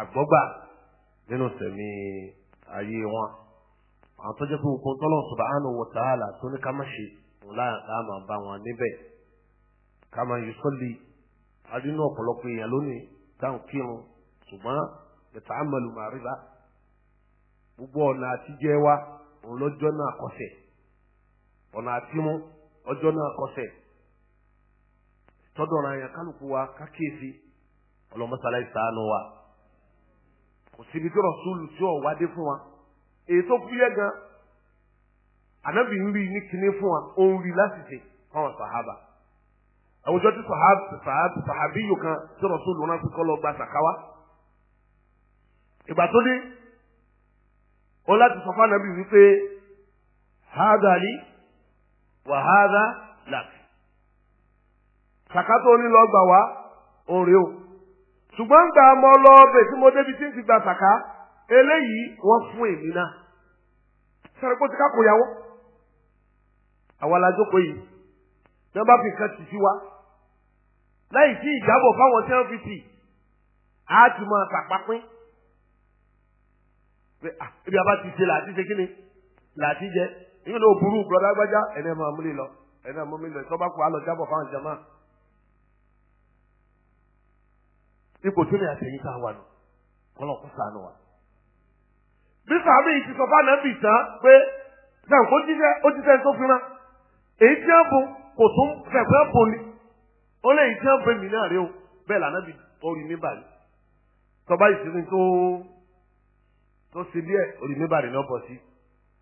A: àgbọ́gbà nínú sẹ̀mí ayé wọn àwọn tó jẹ́ pé òkun tọ́lọ̀ subhanahu wa ta'ala tó ní ká má ṣe òun láàmà bá wọn níbẹ̀ ká má yusalli adínú ọ̀pọ̀lọpọ̀ èèyàn lónìí. táwọn ṣùgbọ́n yẹ̀tà àmàlù màríbà gbogbo ọ̀nà àtijẹ́ na òun lọ́jọ́ náà kọsẹ̀ ọ̀nà àtimú ọjọ́ náà kọsẹ̀ tọ́dọ̀ ra yẹn kálukú wa kákíyèsí ọlọ́mọsálá wa tí rọ̀súlù tí ò gan anabi ń rí ní kinní fún wa àwùjọ tí sàhábíyù kan tí rọ̀sùlù náà ti kọ́ lọ gba sàkáwá ìgbà tó dé ó láti sọ fún ànábì wípé hádà lí wà hádà làk sàkátó ní lọ gbà wá òrè o ṣùgbọ́n gbà mọ́ lọ tí mo débi tí ń ti gba sàká eléyìí wọ́n fún èmi náà sọ̀rọ̀ pé ó ti ká kò yàwó àwọn alájókòó yìí tí wọ́n bá fi kan tì sí wa láì sí ìjábọ̀ fáwọn tí wọ́n fi tì á ti máa pàpápín pé à ah, ibi àbá ti ṣe làtí ṣe kíni làtí jẹ nínú náà burú gbọdá gbájá ẹni ẹ máa múlẹ̀ lọ ẹni ẹ máa múlẹ̀ lọ tọ́ bá kú àlọ́ jábọ̀ fáwọn jama ipò tó ní àtẹ̀yìn tá a wà nù kọ́lọ́kù sànù wa. bí sàmì ti sọ fún ànábì tán pé sàǹkó jíjẹ ó jíjẹ tó fi èyí tí wọ́n bu kò tún fẹ̀fẹ́ bò ní. ó lè tí wọ́n bẹ̀mí náà rí o bẹ́ẹ̀ lànà bí orí mi bàrí tọ́ba ìsinmi tó tó ṣe bí ẹ̀ orí mi bàrí náà bọ̀ sí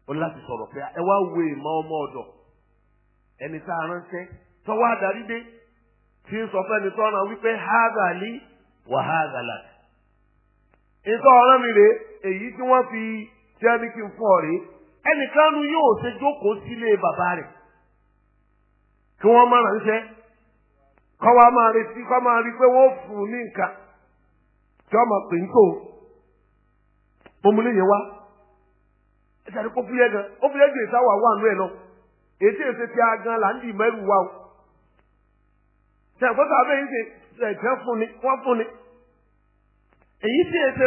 A: ó láti sọ̀rọ̀ pé ẹ wá wo ìmọ̀ ọmọ ọ̀dọ̀ ẹni tá a ránṣẹ́ tọ́wọ́ adarí dé tí ń sọ fẹ́ni tọ́ra wípé hágàlí wàhágàlà ìtọ́ mi èyí fi kí n fún ọ rèé yóò ṣe jókòó sílé bàbá kọ́ wa máa retí kọ́ máa rí pé wọ́n fún un ní nǹkan tí wọ́n máa pè ń tò mọ́múlẹ́yìn wá ẹ ṣàlẹ́ kó fúyẹ́ gan ó fúyẹ́ ẹ̀ lọ ètí èsè a gan là ń dì mẹ́rù wa o tẹ̀gbọ́n tàbí èyí ṣe ẹ̀jẹ̀ fún ni wọ́n fún ni èyí tí èsè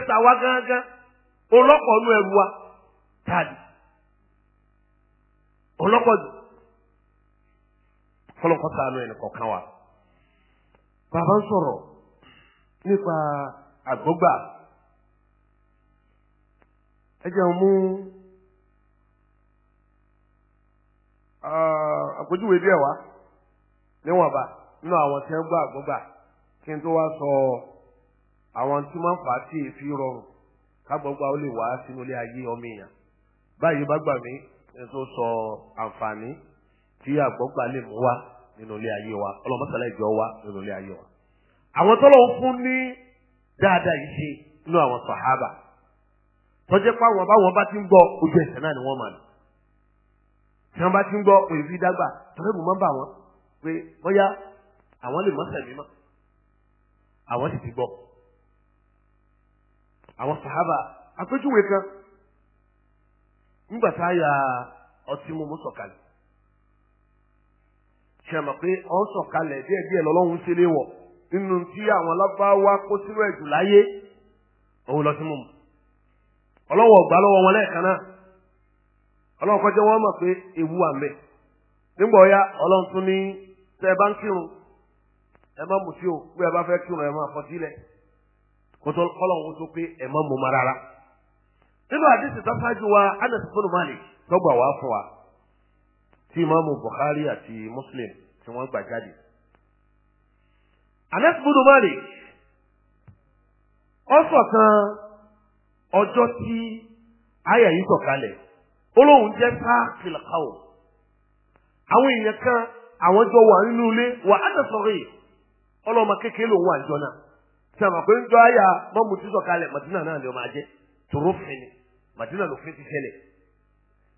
A: bàbá ń sọ̀rọ̀ nípa àgbọ́gbà ẹ jẹun mú àpèjúwe díẹ̀ wá níwọ̀nba nínú àwọn tí wọ́n gbọ́ àgbọ́gbà kí n tó wá sọ àwọn tí wọ́n fà á tí èéfi rọrùn kágbọ́gbà ó lè wá sínú ilé ayé ọmọ èèyàn báyìí bá gbà mí ẹ tó sọ àǹfààní tí àgbọ́gbà lè mú wá nínú ilé ayé wa ọlọ́run mọ́sálá ìjọ wa nínú ilé ayé wa. àwọn tọ́lọ̀ ń fún ní dáadáa yìí ṣe nínú àwọn sàhábà tọ́jẹ́ pé àwọn báwọn bá ti ń gbọ́ ojú ẹ̀sẹ̀ náà ni wọ́n máa lò tí wọ́n bá ti ń gbọ́ òye fi dágbà tọ́lẹ́bù máa ń bà wọ́n pé bóyá àwọn lè mọ́sẹ̀ mímọ́ àwọn sì ti gbọ́ àwọn sàhábà àpéjúwe kan nígbà tá a yà ọtí mímu sọ̀kalẹ̀ ṣẹlẹ̀ pé ọ̀ ń sọ̀kalẹ̀ díẹ̀ díẹ̀ lọ́lọ́run ṣe lé wọ̀ nínú tí àwọn alábáwá kó sínú ẹ̀jù láyé òun lọ sí mọ̀mù ọlọ́wọ́ ọ̀gbà lọ́wọ́ wọn lẹ́ẹ̀kan náà ọlọ́wọ́ kọjá wọn mọ̀ pé ewu wà mẹ́ nígbà ọ̀ya ọlọ́run tún ní tẹ́ ẹ bá ń kírun ẹ má mutí o pé ẹ bá fẹ́ kírun ẹ má sílẹ̀ tó pé ẹ má mú ma rárá nínú àdìsí tó ṣáájú wa Anas bin tí imaamu bukhari àti muslim tí wọ́n gbà jáde. anas budu malik ọsọ sọ̀kan ọjọ́ tí àyà yìí sọ̀kalẹ̀ olóhùn jẹ́ sáàkìlìkàwọ̀ àwọn èèyàn kan àwọn jọ wà nínú ilé wà á nà yìí kékeré lòun wà jọ náà tí a ń jọ àyà mọ́mú tí madina náà lè ọmọ ajẹ́ madina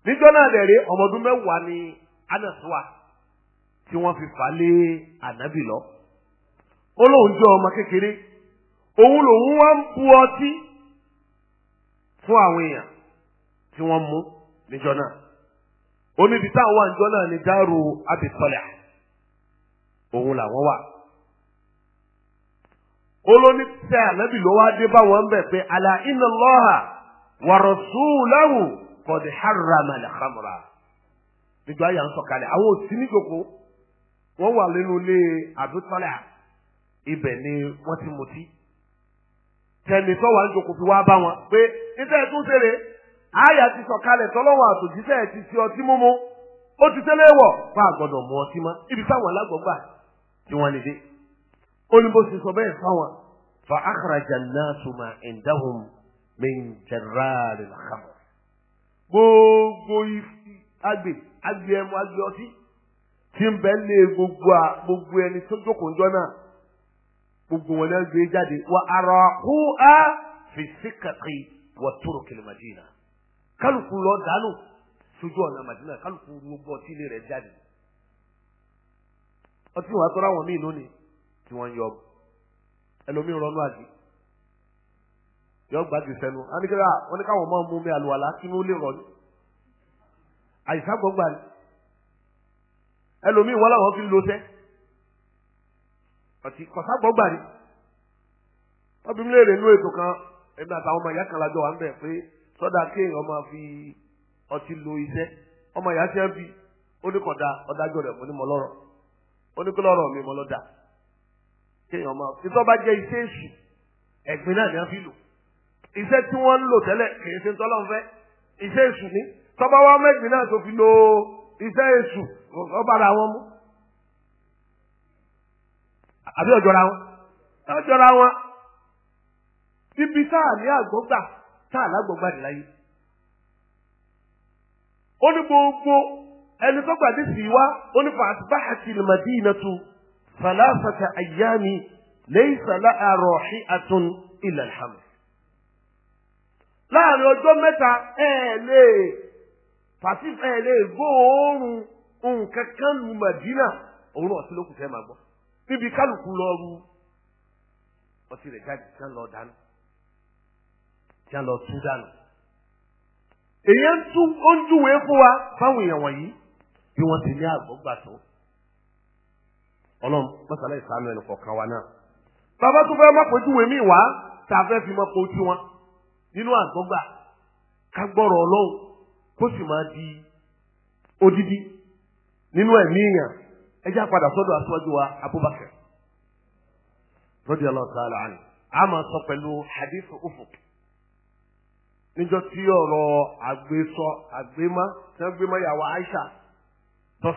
A: ti náà rí ọmọdún ni Anas wà tí wọ́n fi fà lé ànábì lọ ó lóun jẹ́ ọmọ kékeré òun lòun wá ń bu ọtí fún àwọn èèyàn tí wọ́n mú níjọ náà oníbi táwọn wà níjọ náà ní dárò abitọ́lẹ̀ òun làwọn wà olóní tẹ ànábì ló wá dé báwọn ń bẹ̀ pé àlà inna Allaha wa rasulahu qad harrama al níjọ àyà ń sọ̀kalẹ̀ àwọn òsì níjòkó wọ́n wà nínú ilé àdótálẹ̀ ibẹ̀ ni wọ́n ti mutí tẹ̀mí tó wà ń jòkó fi wá bá wọn pé níta ẹ̀ tún ṣeré àyà ti sọ̀kalẹ̀ tọ́lọ́wọ́ àtòjíṣẹ́ ẹ̀ ti fi ọtí mímu ó ti tẹ́lẹ̀ wọ̀ fún àgbọ̀dọ̀ mọ ọtí mọ́ ibi táwọn alágbọ̀gbà tí wọ́n lè dé ó ní bó ṣe sọ bẹ́ẹ̀ fáwọn fa akhraja an-nasu ma indahum min jarraril khamr gbogbo agbè agbè ẹmu agbè ọtí tí ń bẹ lé gbogbo a gbogbo ẹni tó jókòó ńjọ náà gbogbo wọn náà gbé jáde wà àrà kú á fi síkàkì wà tóró kìlì màdínà kálukú lọ dànù sójú ọ̀nà màdínà kálukú gbogbo ọtí ilé rẹ̀ jáde ọtí wàá tọ́ra wọn míì lónìí tí wọ́n ń yọ ẹlòmíì rọ́nú àdì yọ gbàgbé sẹ́nu àníkẹ́rẹ́ àwọn oníkàwọn máa mú mi àlùwàlá kí ni ó lè rọ̀ ní. àyíká gbọ́gbà ni ẹlòmíì wọn làwọn fi ń lo sẹ́ ọtí kọ̀sá gbọ́gbà ni kan ẹ̀mí àtàwọn ọmọ ìyá kan lájọ wà ń bẹ̀ pé sọ́dà kéèyàn fi ọtí lo iṣẹ́ ọmọ ìyá tí wọ́n fi ó ní kọ̀dá ọ̀dájọ́ rẹ̀ mo mi mọ lọ́dà kéèyàn jẹ́ iṣẹ́ èṣù ẹ̀gbin náà ni wọ́n fi lò iṣẹ́ tí wọ́n ń lò tẹ́lẹ̀ kì í ṣe tọ́ba wa méjì náà tó fi lo iṣẹ́ èṣù ọba ra wọn mú àbí ọ̀jọ̀ra wọn ọ̀jọ̀ra wọn ibi tá a ní àgbọ̀gbà tá a lágbọ̀gbà ní láyé ó ní gbogbo ẹni tó gbàdé sí wa ó ní fa asbahati al-madinatu thalathata ayyami laysa laha rahihatun illa al-hamd láàrin ọjọ́ mẹ́ta ẹ̀ẹ́lẹ́ẹ̀ pàṣípẹ̀ lè gbóòórùn nǹkan kan lu màdínà òun ọtí ló kù tẹ́ máa gbọ́ níbi kálukú lọ ru ọtí rẹ̀ jáde tí wọ́n lọ dáná tí wọ́n lọ tú dáná. èyí ń tún ó fún wa fáwọn èèyàn wọ̀nyí bí wọ́n ti ní àgbọ̀gbà tó ọlọ́run mọ́sálá ìsánú ẹnì kọ̀ọ̀kan wa náà. bàbá tó fẹ́ má pojúwe mí wá tá a fẹ́ fi mọ́ pojú wọn nínú àgbọ̀gbà ká gbọ́rọ̀ ọlọ́run kó sì máa di odidi nínú ẹ̀mí èèyàn ẹ jẹ́ àpadà sọ́dọ̀ aṣáájú wa Abubakar radiyallahu ta'ala anhu a máa sọ pẹ̀lú hadith ufuk níjọ́ tí ọ̀rọ̀ àgbésọ àgbémá tí wọ́n gbémá yàwó Aisha tó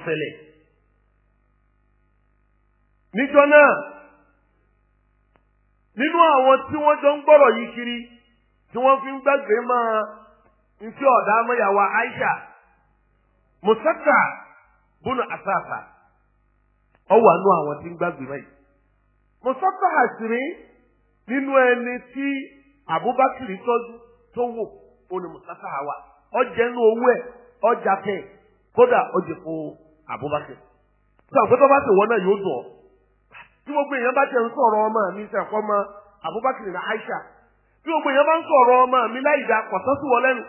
A: níjọ́ náà nínú àwọn tí wọ́n jọ ń gbọ́rọ̀ yìí kiri tí fi ń gbàgbé máa. nke ọdamụ ya wa aisha musata bunu asasa ọwọ anú àwọn tí ń gbàgbìmọ̀ yìí musata siri ninu ẹni tí abubakar tọ́jú to wò ó musata wa ọjà inú owó ẹ ọjà pẹ kódà ọjà fún abubakar tí àwọn pẹtọ bá ti wọn náà yóò dùn ọ tí gbogbo èèyàn bá ti ń ọmọ mi abubakar na aisha tí gbogbo èèyàn bá ń ọmọ mi láì dá kọsán sí wọn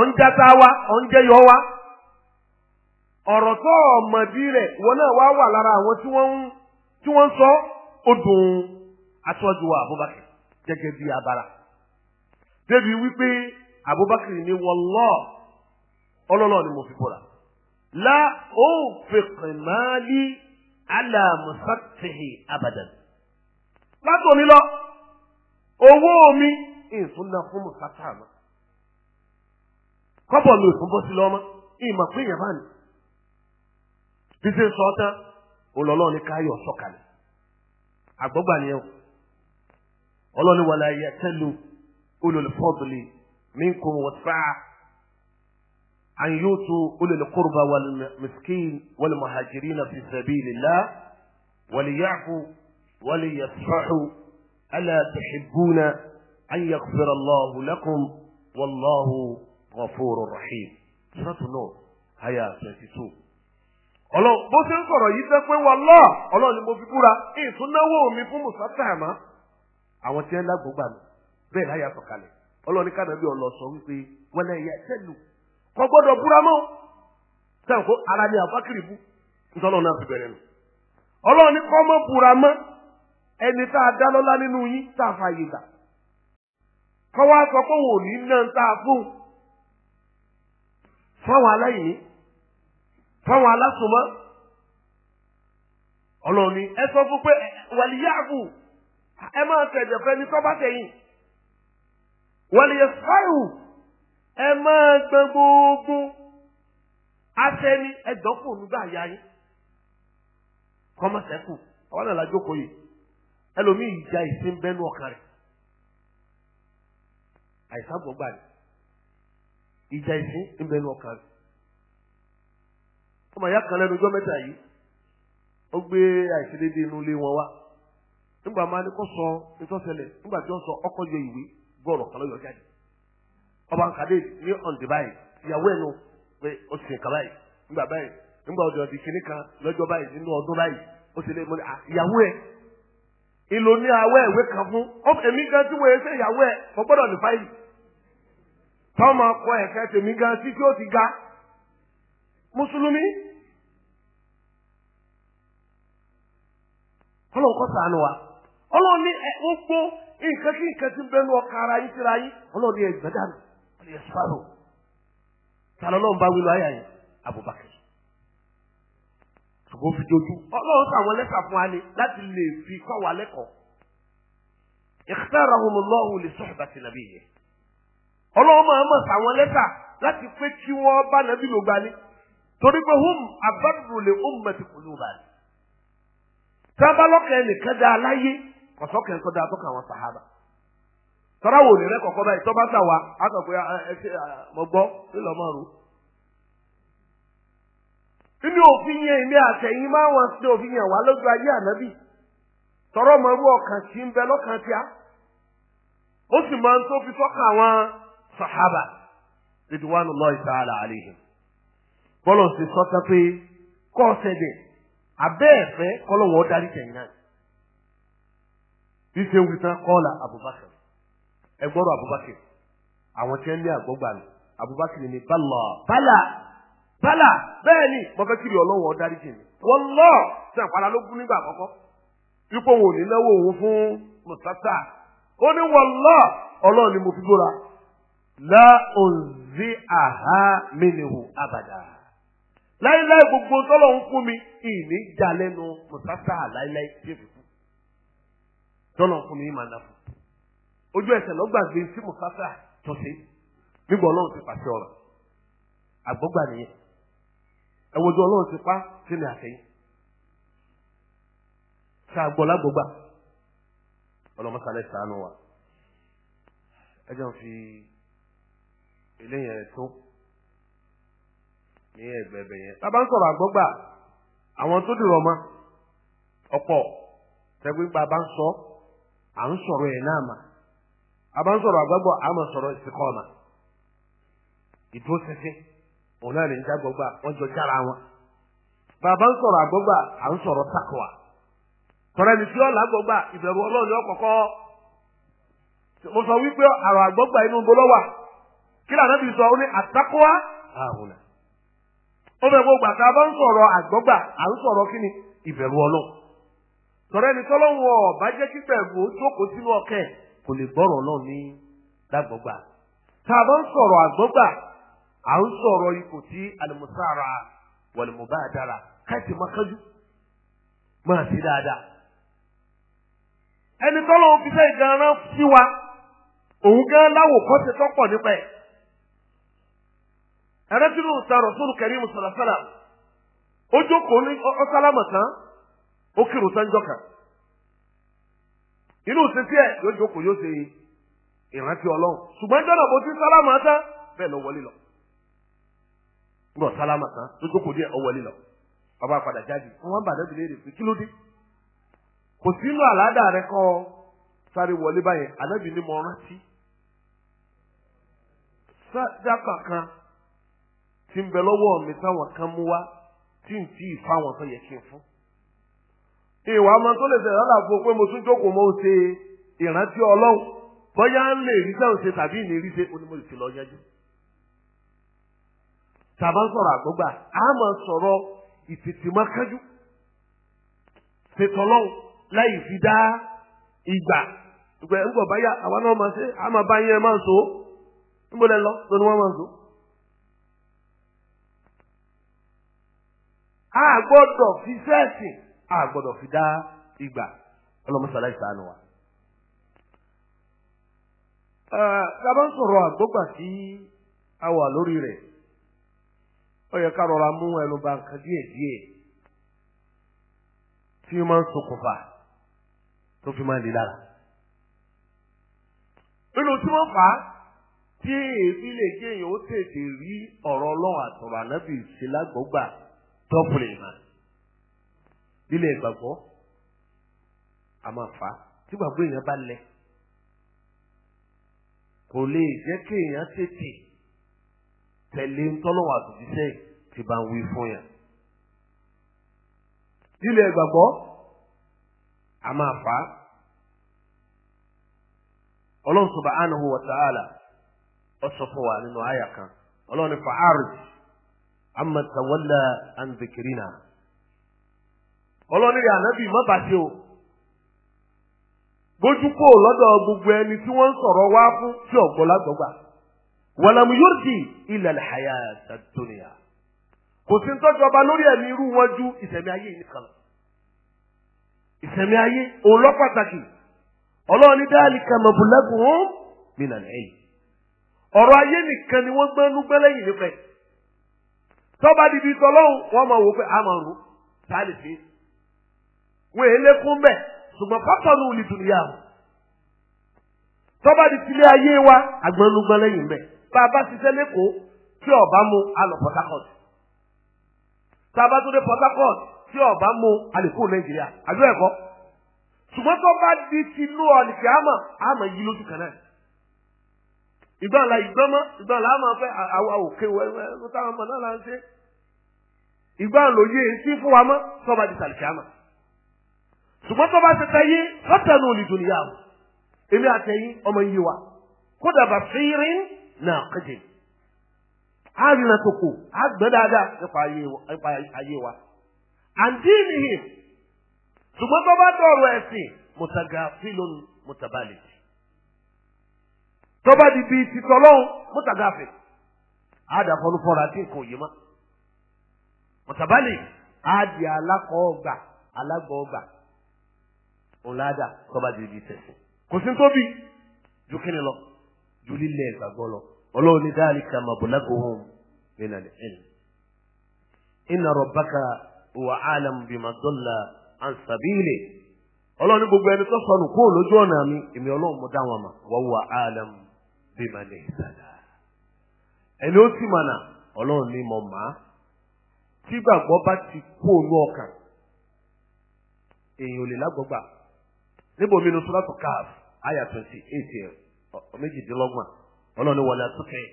A: ọ̀njata wa ọ̀njẹyọ wa ọ̀rọ̀ tó ọ̀mọ̀dí rẹ̀ wọn náà wá wà lára àwọn tí wọ́n ń tí wọ́n ń sọ odùn aṣọ́jú wa Abubakar gẹ́gẹ́ bí abara débi wípé Abubakar ni wọlọ́ ọlọ́lọ́ ni mo fi bọ̀ra la ó fèkìmálì alàmùsàtìhì abadan látòmí lọ owó mi ìfúnna fún kọ́bọ̀ mi ò tún bọ́ sí lọ́mọ́ ìmọ̀ pé èèyàn bá ní. bí ṣe ń sọ ọ́ tán olọ́lọ́ ní káyọ̀ sọ̀kalẹ̀ àgbọ́gbà ni ẹ̀ ọlọ́ni wàlá ayé tẹ́lu olùlùfọ́dùlì minkum wọ́sáà an yutu ulil qurba wal miskin wal muhajirin fi sabilillah wal ya'fu wal yasfahu ala tuhibbuna an yaghfira Allahu lakum wallahu Ghafurur Rahim sọ́tún náà àyà twenty ọlọ́run bó ṣe ń sọ̀rọ̀ yìí fẹ́ pé wà lọ́ọ̀ ọlọ́run ni mo fi búra ìtúnáwó mi fún mùsàtàmá àwọn tí wọ́n lágbógbà mi bẹ́ẹ̀ láyà sọ̀kalẹ̀ ọlọ́run ní sọ wípé wọlé kọ́ gbọ́dọ̀ búra mọ́ sẹ́wọ̀n kó ara bú bẹ̀rẹ̀ nù ọlọ́run ní kọ́ mọ́ búra mọ́ ẹni tá a dá lọ́lá nínú yín tá a fààyè fáwọn aláìní fáwọn alásùnmọ́ ọlọ́run ni ẹ sọ fún pé wàlíyàgù ẹ máa tẹ̀jẹ̀ fẹ́ ní tọ́ba tẹ̀yìn wàlíyàsáìwù ẹ máa gbẹ gbogbo asẹ́ni ẹ̀dọ́kùn nígbà yá yín kọ́mọ̀sẹ́kù àwọn náà lájókòó yìí ẹlòmíì ìjà ìsìn ń bẹnu ọkàn rẹ̀ ọmọ ìyá kan lẹ́nu ọjọ́ mẹ́ta yìí ó gbé àìṣedéédé inú ilé wọn wá nígbà máa ní kó sọ ìtọ́sẹ̀lẹ̀ nígbà tí ó sọ ọkọ̀ yọ ìwé bọ́ọ̀lù kan lọ́yọ̀ jáde ọba nkàdé ní ọ̀ǹdè báyìí ìyàwó ẹ̀ nù pé ó sì kà báyìí nígbà báyìí nígbà ọ̀dọ̀ ọ̀dì kìíní kan lọ́jọ́ báyìí nínú ọdún báyìí ó tọ́mọ ọkọ ẹ̀kẹ́ tèmi gan sí tí ó ti ga mùsùlùmí. ọlọ́run kọ́ sànù wa ọlọ́run ní gbogbo nǹkan tí nǹkan ti bẹnu ọkà ara yín síra yín ọlọ́run ní ọlọ́run ọlọ́run bá wílọ ayà Abubakar fi dojú ọlọ́run sàwọn lẹ́sà fún ni láti lè fi ọlọ́run máa mọ̀ sàwọn lẹ́tà láti pé kí wọ́n bá nàbí ló gbalé torí pé hum abadulè hum mẹti kò ló balẹ̀. tábàlọ́kẹ́ nìkan dá aláyé kọ̀sọ́kẹ́ nìkan dá tọ́ka àwọn sàhábà. tọ́lá wò rẹ kọ̀kọ́ báyìí tọ́ bá sà wá á kàn pé ẹ ṣe gbọ́ nílò máa òfin yẹn ilé àtẹ̀yìn máa wọn sí òfin yẹn wà lójú ayé ànábì mọ̀ ń bẹ lọ́kàn tíá ó sì máa ń tó fi sọ́kàn àwọn sọ̀hábà ridwanullahi ta'ala alaihim bọ́lọ̀ sì sọ́tà pé kọ́ ọ̀sẹ̀dẹ̀ abẹ́ẹ̀fẹ́ kọ́lọ́wọ́ darí tẹ̀yìn náà bí ṣe wí tán Abubakar ẹgbọ́rọ̀ Abubakar àwọn tí wọ́n ní àgbọ́gbà ni Abubakar ni bala bala bala bẹ́ẹ̀ ni bọ́fẹ́ kiri ọlọ́wọ́ darí tẹ̀yìn wọ́n lọ sẹ́ǹpalá ló gún nígbà àkọ́kọ́ ipò wò ní náwó òun fún mùsàtà ó ní lọ ni mo fi gbóra la ònzi aha mìnìhù abada. láíláí gbogbo tọ́lọ̀ ń fún mi ìní já lẹ́nu mùsàtà láíláí tí èmi fún. tọ́lọ̀ ń fún mi ìmọ̀ ànáfọ̀. ojú ẹsẹ̀ lọ́gbàgbé sí mùsàtà tọ̀sí nígbà ọlọ́run ti pàṣẹ ọ̀rọ̀. àgbọ́gbà nìyẹn. ẹ̀wọ̀jú ọlọ́run ti pa sínú àtẹ̀yìn. sàgbọ́lá gbọ́gbà. ọlọ́mọ sànù wa. ẹ jẹun fi. eléyẹn tó ní ẹgbẹ̀bẹ̀ yẹn bàbá ń sọ̀rọ̀ àgbọ́gbà àwọn tó dìrọ̀ mọ́ ọ̀pọ̀ tẹ́gbẹ́ bàbá ń sọ à ń sọ̀rọ̀ yẹn náà mà bàbá ń sọ̀rọ̀ àgbọ́gbọ̀ à sọ̀rọ̀ ìsìnkọ́ ọ̀nà ìdúró ṣinṣin òun náà lè ń wọ́n jọ jára wọn bàbá ń sọ̀rọ̀ àgbọ́gbà à ń kí lànà bí sọ ó ní àtàkùwá àhùnà ó bẹ gbogbo àti abá ń sọ̀rọ̀ àgbọ́gbà à ń sọ̀rọ̀ kí ni ìbẹ̀rù ọlọ́run sọ̀rọ̀ ẹni tọ́lọ́wọ́ ọ̀bá jẹ́ kí bẹ̀rù jókòó sínú ọkẹ́ kò lè gbọ́rọ̀ náà ní lágbọ́gbà tá a bá ń sọ̀rọ̀ àgbọ́gbà à ń sọ̀rọ̀ ipò tí alimusara dára máa ẹrẹ́tìrú ta rọ̀sọ́lù kẹrìmù sàlàsàlà ó jókòó ní ọ̀sálámà tán ó kírun sánjọ́ kan inú sísí ẹ̀ yóò jókòó yóò ṣe ìrántí ọlọ́run ṣùgbọ́n bó ti sálámà tán bẹ́ẹ̀ lọ wọlé lọ gbọ́ sálámà tán ó ọba padà jáde wọn rẹ ni mo rántí tí ń bẹ lọ́wọ́ mi mú wá tí n tí ì fáwọn tó yẹ kí n fún. ìwà ọmọ tó lè tẹ̀lé lálàfo pé mo tún jókòó ṣe ìrántí ọlọ́run bóyá ń lè rí sẹ́wọ̀n ṣe tàbí ìní rí ṣe onímọ̀ ìṣe lọ yẹjú. tàbá ń sọ̀rọ̀ àgbọ́gbà á máa sọ̀rọ̀ láì fi dá ìgbà ń gbọ̀ a gbọ́dọ̀ fi sẹ́ẹ̀sì a gbọ́dọ̀ fi dá ìgbà ọlọ́mọsálá ìsànù wa. Gàbá ń sọ̀rọ̀ àgbọ́gbà tí a wà lórí rẹ̀. Ó yẹ ká rọra mú ẹnu ba nǹkan díẹ̀ díẹ̀ tí ó máa ń ṣokùnfà tó fi máa ń di lára. Nínú tí wọ́n fà á tí èébí lè jẹ́ èèyàn ó tètè rí ọ̀rọ̀ ọlọ́run àtọ̀rọ̀ ànábì ṣe tọ́pùlìmà lílẹ̀ ìgbàgbọ́ a máa fà tí gbàgbọ́ èèyàn bá lẹ kò lè jẹ́ kí èèyàn tètè tẹ̀lé ńtọ́lọ́wọ́ àtúntíṣe tí bá ń wí fún yàn ìgbàgbọ́ a ọlọ́run subhanahu nínú àyà kan amma tawalla an zikirina ọlọ́ni rẹ̀ ànábì má bàa ṣe o bójú kò lọ́dọ̀ gbogbo ẹni tí wọ́n ń sọ̀rọ̀ wá fún tí ọ̀gbọ́n lágbọ́gbà wàlámù yóò di ilẹ̀ àyà sàdúnìyà kò sí tọ́jọba lórí ẹ̀mí irú wọn ju ìsẹ̀mí ayé yìí kan ìsẹ̀mí ayé òun lọ pàtàkì ọlọ́ni dáàlì kàmọ̀bùlẹ́gùn ó mìnà lẹ́yìn ọ̀rọ̀ ayé nìkan ni wọ́n gbẹ́nu gbẹ́lẹ́yìn nípa ẹ̀ tọ́ba dìbì tọ́lọ́hún wọ́n máa wò pé a máa rò sáàlì sí. wọ́n èlé kún bẹ́ẹ̀ ṣùgbọ́n pápánu ò lè dùn yà wọ́n. tọ́ba di tilé ayé wa àgbọ̀nlugbọ̀n lẹ́yìn bẹ́ẹ̀ bá a bá ṣiṣẹ́ lẹ́kọ̀ọ́ tí ọ̀bá mu a lọ Port Harcourt. tá a bá tún dé Port Harcourt tí ọ̀bá mu a lè kó Nàìjíríà àbí ẹ̀kọ́. ṣùgbọ́n tọ́ba di tinú ọ̀nìkì àmọ̀ àmọ̀ yìí lójú kan náà ìgbàlá ìgbọ́mọ́ ìgbàlá àmọ́ fẹ́ àwa òkè wẹ́wẹ́ táwọn ọmọ náà là ń ṣe ìgbàlá òye sí fún wa mọ́ tọ́ba di sàlìkàmà ṣùgbọ́n tọ́ba ti ta yé fọ́tẹ̀nù olùdùnìyà o èmi àtẹ̀yìn ọmọ yìí wa kódà bá fèrè náà kéde á rìnà tòkò á gbẹ́ dáadáa nípa ayé wa àǹdí nìyí ṣùgbọ́n tọ́ba dọ̀rọ̀ ẹ̀sìn mùtàgàfílónì mùtàbálẹ̀ tọ́ba di bíi titọ́ lọ́hùn mọ́tàgáfẹ́ àdàfọ́nù fọ́ra tí nǹkan òye mọ́ mọ́tàbálẹ̀ àdì alákọ̀ọ́gbà alágbọ̀ọ́gbà ọ̀làdà tọ́ba di bíi tẹ̀sán kò sí tóbi ju kíni lọ ju lílẹ̀ ìgbàgbọ́ lọ ọlọ́run ní dáàlì kan máa bọ̀ lágòhùn nínú ẹ̀ ẹ̀ inna rabbaka alam bima dalla an sabili ọlọ́run gbogbo ẹni tó sọnù kúrò lójú ọ̀nà mi èmi ọlọ́run mo dá wọn mà wa huwa alam bímani ìsàlà ẹni ó sì mànà ọlọ́run ní mọ̀ máa tí gbàgbọ́ bá ti kú ònú ọkàn èèyàn ò lè lágbọ́gbà níbo mi nu sọ́dọ̀tò káf àyà twenty eight ẹ̀ méjìdínlọ́gbọ̀n ọlọ́run ní wàlẹ́ àtúntẹ̀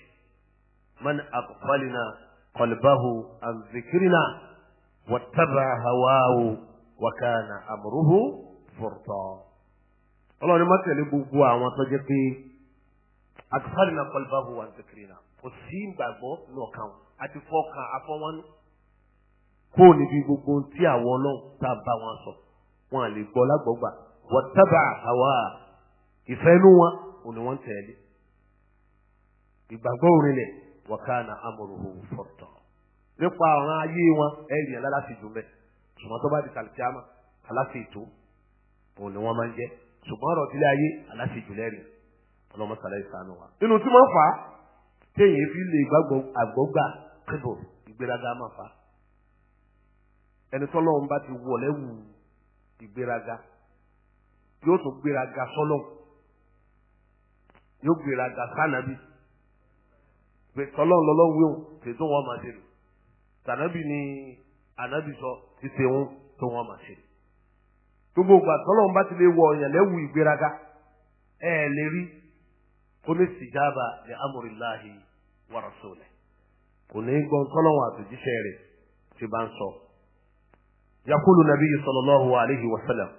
A: man àkọ́fàlìnà kọlìbáhu àzìkírínà wàtábà hawaahu wàkàna àmúrúhu ọlọ́run ní má tẹ̀lé gbogbo àwọn tó jẹ́ pé. àtúfàlì náà kọlu bá wà zikiri náà kò sí ìgbàgbọ́ lọ́kàn wọn àti fọkàn afọwọ́n kó níbi gbogbo tí àwọn ọlọ́run tá a bá wọn sọ wọn à lè gbọ́ lágbọ́gbà wọ́n tábà àwa ìfẹ́ inú wọn ò ní wọ́n tẹ̀lé ìgbàgbọ́ òrin lẹ̀ wọ́n ká na amòròhò fọ̀tọ̀ nípa àwọn ayé wọn ẹ̀rì ẹ̀ láláfi dùn bẹ́ẹ̀ ṣùgbọ́n tó bá di kàlùkìámà aláfi ètò òun ni wọ́n máa ń jẹ́ ṣùgbọ́n ọ̀rọ̀ ìdílé ayé aláfi jùlẹ̀ rìn ọlọ́mọ sàlẹ̀ ìsànù wa. inú tí wọ́n fà á téèyàn fi lè gbàgbọ́ àgbọ́gbà kébò ìgbéraga máa fà á. ẹni tọ́lọ́run bá ti wọ̀ lẹ́wù ìgbéraga yóò tún gbéraga sọ́lọ̀ yóò gbéraga sànàbí pé tọ́lọ́run lọ́lọ́run wíwọ̀n tètè wọn máa dé lò sànàbí ni ànábì sọ ti ṣe wọn tó wọn máa ṣe gbogbo ìgbà tọ́lọ́run bá ti lè wọ ọ̀yàn lẹ́wù ìgbéraga ẹ̀ẹ́lẹ́rí kuni sijaba li amuri llahi wa rasuli kuni gbon kolon wa ti jisere ti ban so yakulu nabiyyi sallallahu alaihi wa sallam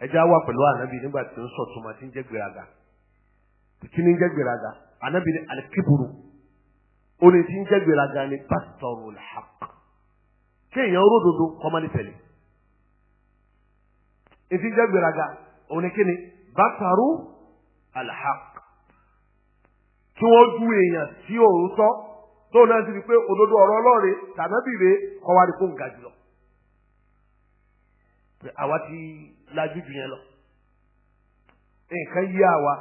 A: e ja wa pelu anabi nigba ti so tuma tin je gberaga ti kini je gberaga anabi al kibru oni tin je gberaga ni pastorul haqq ke yan rododo ko mani tele e tin je gberaga oni kini bataru kí wọ́n ju èèyàn tí òun sọ tó náà ti di pé òdodo ọ̀rọ̀ ọlọ́ọ̀rẹ́ tànábìrè kọ́ wa rí kó ń ga jùlọ. àwa ti lajú jù yẹn lọ nǹkan yí àwa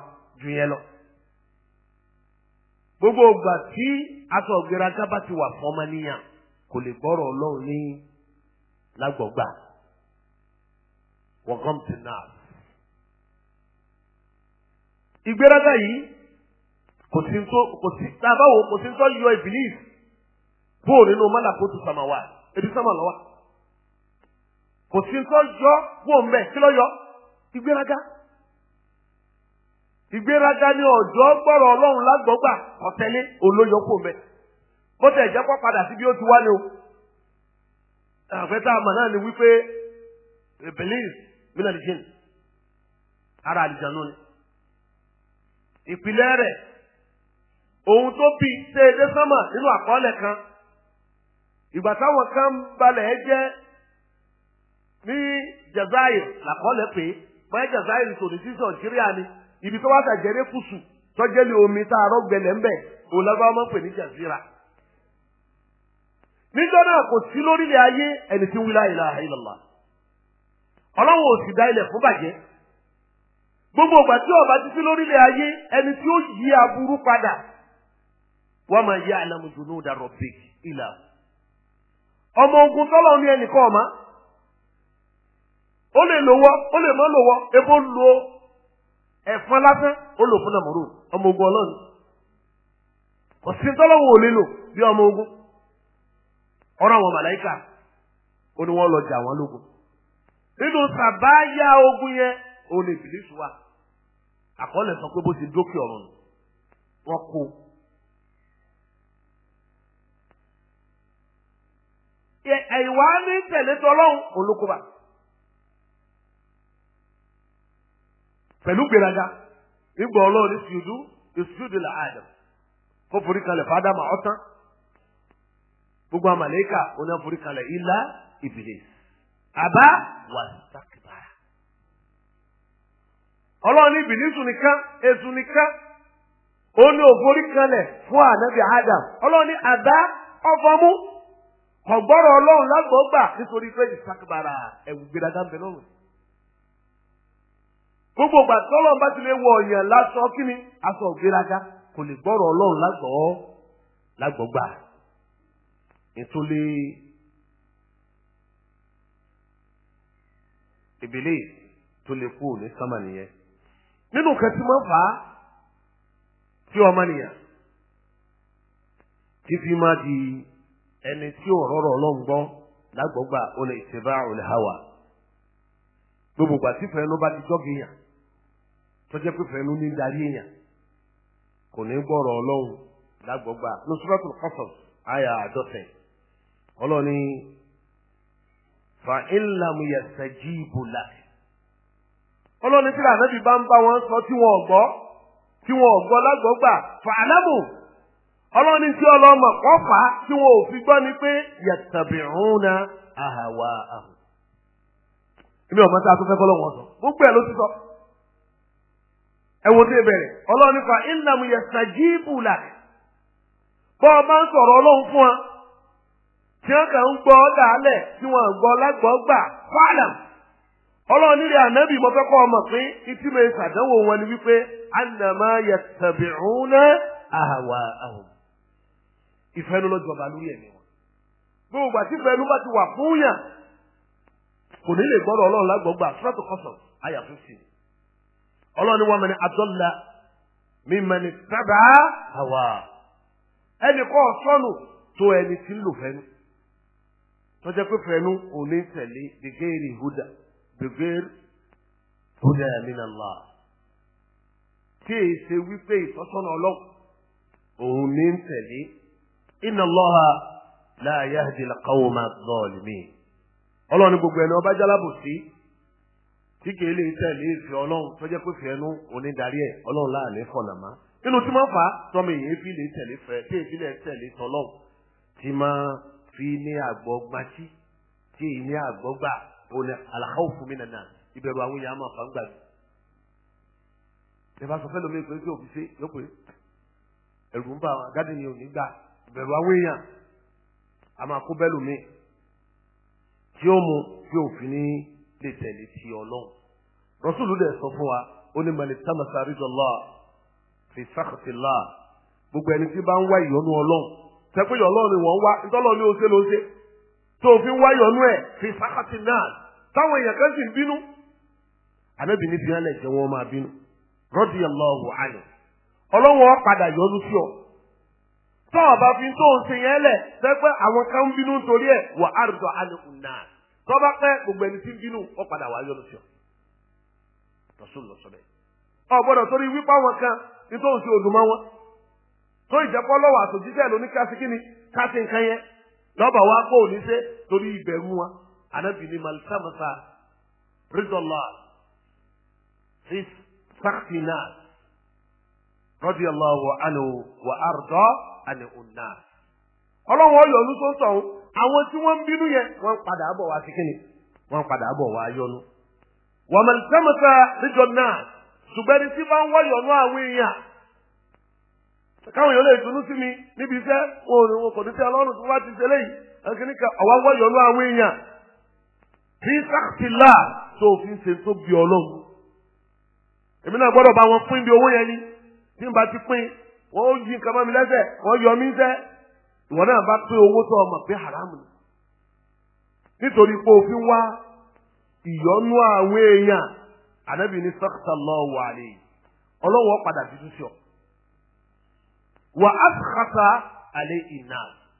A: jù yẹn lọ. gbogbo ìgbà tí aṣọ ìgbéraga bá ti wà fọmọnìyàn kò lè gbọ́rọ̀ ọlọ́run ní lágbọ̀gbà wọ́n gọ́m ti ìgbéraga yìí kò sí tó kò sí tábàwò kò sí tó yọ ìbílíf kúrò nínú mọ́làkótó sàmàwá ebi sàmà lọ́wọ́ kò sí tó yọ kúrò mbẹ kí ló yọ ìgbéraga ìgbéraga ni ọ̀dọ́ gbọ́rọ̀ ọlọ́run lágbọ́gbà ọ̀tẹ́lẹ̀ olóyọ kúrò mbẹ bó tẹ̀ jẹ́ kó padà sí bí ó ti wá ni o àfẹ́tà àmà náà ni wípé ìbílíf mílíọ̀nù jìn ara àlìjánu ni ìpìlẹ̀ rẹ̀ òun tó bí ṣe é dé sánmà nínú àkọọ́lẹ̀ kan ìgbà táwọn kan balẹ̀ ẹ jẹ́ ní Jazair làkọọ́lẹ̀ pé báyìí Jazair tòní sí Nàìjíríà ni ibi tó wá sàjẹrẹ kùsù tọ́jẹ́lì omi tá a rọ́ gbẹlẹ̀ ńbẹ̀ òun lágbára máa pè ní Jazira níjọ́ náà kò sí lórílẹ̀ ayé ẹni tí ń wí la ilaha illallah ọlọ́run ò sì dá ilẹ̀ fún bàjẹ́ gbogbo ìgbà tí ọba títí lórílẹ̀ ayé ẹni tí ó yí aburú padà wọ́n máa yá àlẹ́ ila ó dàrọ̀ ọmọ ogun tọlọ ní ẹnìkan ọ̀ma ó lè lówó ó lè má lówó ebó lo ẹ̀fọn lásán ó lò fún nàmúrò ọmọ ogun ọlọ́run kò tọlọ tọ́lọ̀ lè lò bí ọmọ ogun ọ̀rọ̀ àwọn màláìkà ó ní lọ jà ẹ̀yìnwá ní tẹ̀lé tọ́lọ́hún olókùbà. pẹ̀lú gbèrágà ìgbà ọlọ́run ìsìdú ìsìdú là ádàm kó forí kalẹ̀ fádámà ọ̀tán gbogbo àmàlẹ́kà oná forí kalẹ̀ ìlà ìbílísì àbá wà sàkìbàrà. ọlọ́run ní ìbílísù nìkan èṣù nìkan ó ní òforí kalẹ̀ fún ànábì adam ọlọ́run ní àbá kọ̀gbọ́rọ̀ ọlọ́run lágbọ́gbà nítorí pé ìsakabara ẹ̀wù gbẹdàgà ń bẹ lọ́rùn. gbogbo ìgbà tí ọlọ́run bá ti lè wọ ọ̀yàn lásán kí ni aṣọ ògbéraga kò lè gbọ́rọ̀ ọlọ́run lágbọ́ lágbọ́gbà. nítorí ìbílẹ̀ tó lè kú ní sámà nìyẹn. nínú kẹtí máa fà á tí ọmọ nìyà tí fi máa di. ẹni tí ò rọrọ lọ́ngbọ́ lágbọ́gbà ó lè ṣèbá òlè hawa gbogbo ìgbà tí fẹ́ẹ́ ló bá ti jọ́gì yàn tọ́jẹ́ pé fẹ́ẹ́ ló ní darí yàn kò ní gbọ́rọ̀ ọlọ́run lágbọ́gbà nusratul qasas àyà àdọ́tẹ̀ ọlọ́ni fa ìlàmù yẹsẹ̀jì ìbùlà ọlọ́ni tí làánà bí bá ń bá wọn sọ tí wọn tí wọn ọlọ́ni tí ọlọ́mọ kọ́fà tí wọn ò fi gbọ́ ni pé yàtàbìrúnà àhàwà àhùn. èmi ọ̀mọ tá a tún fẹ́ sọ gbogbo ẹ̀ ló ti sọ. ẹ tí ẹ bẹ̀rẹ̀ ọlọ́ni là bọ́ ọ bá ń sọ̀rọ̀ ọlọ́run fún wa tí wọ́n kàn ń gbọ́ dàálẹ̀ tí wọ́n ń gbọ́ ọlọ́run ànábì mo fẹ́ kọ́ ọmọ pé ìsàdánwò wọn ni wípé ànàmá àhàwà ìfẹ́ ló lọ́jọba lórí ẹ̀mí wọn. gbogbo àti ìfẹ́ ló bá ti wà fún yàn kò ní lè gbọ́dọ̀ ọlọ́run lágbọ̀gbà sọ́tò kọ́sọ̀ àyà fífìn. ọlọ́run wọn mẹ́ni adọ́là mi mẹ́ni tábà àwà ẹnì kọ́ sọ́nù tó ẹni tí ń lò fẹ́nu. tọ́jà pé fẹ́nu kò ní tẹ̀lé dègéèrè húdà dègéèrè húdà min Allah. kí èsè wípé ìtọ́sọ́nà ọlọ́run òun ní tẹ̀lé ina Allaha la yahdi al-qawma adh-dhalimin gbogbo ẹni ọba jalábòsí tí kìí lè tẹ̀lé ìfẹ́ ọlọ́run tó jẹ́ pé fẹ́ nu onídarí ẹ̀ ọlọ́run láàlẹ́ fọ̀nàmá nínú tí máa fà á tọ́mọ èyí fi lè tẹ̀lé fẹ́ tí èyí fi ní gbatí tí èyí ní gbà ó ní àwọn èèyàn máa ń gbàgbé ìbẹ̀rù àwọn èèyàn a máa kó bẹ́lù mi tí ó mu tí òfin ní lè tẹ̀lé ti ọlọ́run rọ́sùlù dẹ̀ sọ fún wa ó ní mẹ́lẹ̀ támásá rí jọlọ́ fi sákàtìlá gbogbo ẹni tí bá ń wá ìyọnu ọlọ́run tẹ́pẹ́ ọlọ́run ni wọ́n ń wá ìtọ́lọ́ ní oṣé lóṣé tó fi wá ìyọnu ẹ̀ fi sákàtìlá táwọn èèyàn kan sì ń bínú ànábì ní fi hàn lẹ̀ jẹ́ wọn máa bínú rọ́dìyàn lọ́wọ́ àná ọlọ́run ọ tọ́ ọba fi tó ń sìn yẹn lẹ̀ sẹ́pẹ́ àwọn kan ń bínú torí ẹ̀ wà á rìndọ̀ alẹ́kùn náà tọ́ba pẹ́ gbogbo ẹni tí ń bínú ó padà wà á yọ̀nù sí ọ. lọ́sùn lọ sọ bẹ́ẹ̀. ọ̀gbọ́dọ̀ torí wípé àwọn kan ní tó ń sìn òdùmọ́ wọn. tó ìjẹ́pọ̀ lọ́wọ́ àtòjíṣẹ́ lóní kásíkíní kásí nǹkan yẹn lọ́ba wa kó òní ṣe torí ìbẹ̀rù wọn ànábì ní malisamasa ridọ́lá sí sàkínà radiyallahu anhu wa arda àni ọ̀nà. ọlọ́run ọyọ̀ ọdún tó ń sọ̀hún àwọn tí wọ́n ń bínú yẹn wọ́n padà bọ̀ wá sí kíni wọ́n padà bọ̀ wá yọnu. wọ́n màlì sẹ́mọ̀sá níjọ náà ṣùgbọ́n tí bá ń wọ́ yọnu àwọn èèyàn káwọn èèyàn lè dunú sí mi níbi iṣẹ́ kò ní sí ọlọ́run ti ṣe léyìí àwọn èèyàn tó fi tí n bá ti pín wọ́n ó yí nǹkan mọ́ mi lẹ́sẹ̀ wọ́n yọ mí sẹ́ ìwọ náà bá pín owó tó ọmọ pé haram ni nítorí pé òfin wá ìyọnú àwọn èèyàn ànábì ní sọ́kítà lọ́wọ́ wàlẹ́ yìí ọlọ́wọ́ padà ti túṣọ. wà á kàtà àlẹ́ ìnà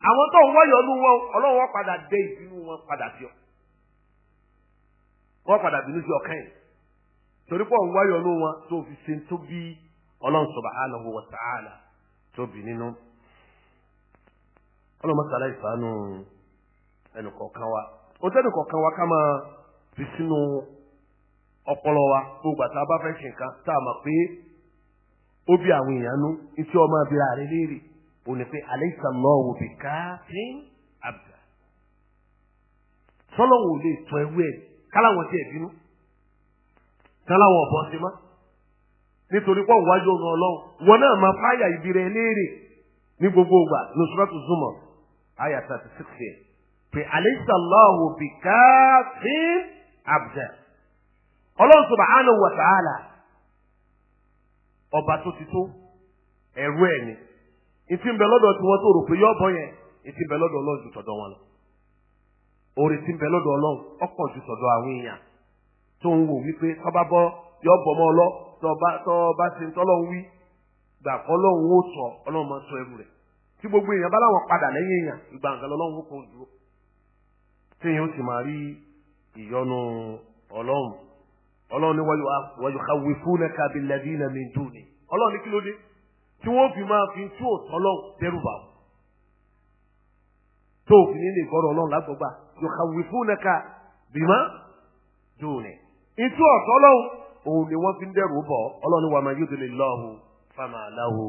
A: àwọn tó ń wáyọ̀ wọn ọlọ́wọ́ padà dé ìbínú wọn padà sí ọ. wọ́n padà bínú sí ọkàn yìí torí pé òun wáyọ̀ wọn tó fi ṣe tó bí ọlọ́run subhanahu wa ta'ala tóbi nínú ọlọ́run mọ́sálá ìsánú ẹnìkọ̀ọ̀kan wa ó tẹ́ ẹnìkọ̀ọ̀kan wa ká máa fi sínú ọpọlọ wa gbogbo àti abáfẹ́ nǹkan tá a mọ̀ pé ó bí àwọn iṣẹ́ ọmọ rẹ léèrè ò ní pé bi sọlọ́wọ́ lè tọ́ ẹwú ẹ̀ káláwọ̀ bínú káláwọ̀ ọ̀bọ̀ ṣe máa. nítorí pọ̀ wájú ọ̀run ọlọ́run wọn náà máa fáyà ibi rẹ̀ léèrè ní gbogbo ìgbà nusratu zumar aya thirty six yẹn pé alaysa Allahu bi kafin abda ọlọ́run subhanahu wa ta'ala ọba tó ti tó ẹ̀rú ẹ̀ ni ìtì ń bẹ lọ́dọ̀ tí wọ́n tó rò pé yọ bọ́ yẹn ìtì ń bẹ lọ́dọ̀ ọlọ́run ju tọ̀dọ̀ wọn lọ orí tí ń lọ́dọ̀ ọlọ́run ọkọ̀ ju tọ̀dọ̀ àwọn èèyàn tó ń wò wípé kọ́ tọba tọba ṣe ń tọ́lọ́ wí gbà kọ́ lọ́hùn ó sọ ọlọ́run máa sọ ẹrù rẹ̀ tí gbogbo èèyàn bá láwọn padà lẹ́yìn èèyàn ìgbà nǹkan lọ́hùn ó kò dúró téèyàn ó sì máa rí ìyọnu ọlọ́run ọlọ́run ní wọ́yọ̀ káwé fún ẹ̀ka bíi lẹ́bí lẹ́mí dùn ni ọlọ́run ní kí ló dé tí wọ́n fi máa fi tú òtọ́ lọ́hùn dẹ́rù bá tó òfin ní ìgbọ́rọ̀ ọlọ́run lágbọ́gbà yọ̀ọ̀ká wí fún ẹ̀ka bímá dùn ni ìtú ọ̀tọ́ lọ́hùn òun ni wọ́n fi ń dẹ̀rù bọ̀ ọlọ́run wa máa yóò alahu lọ́hùn fáma aláwo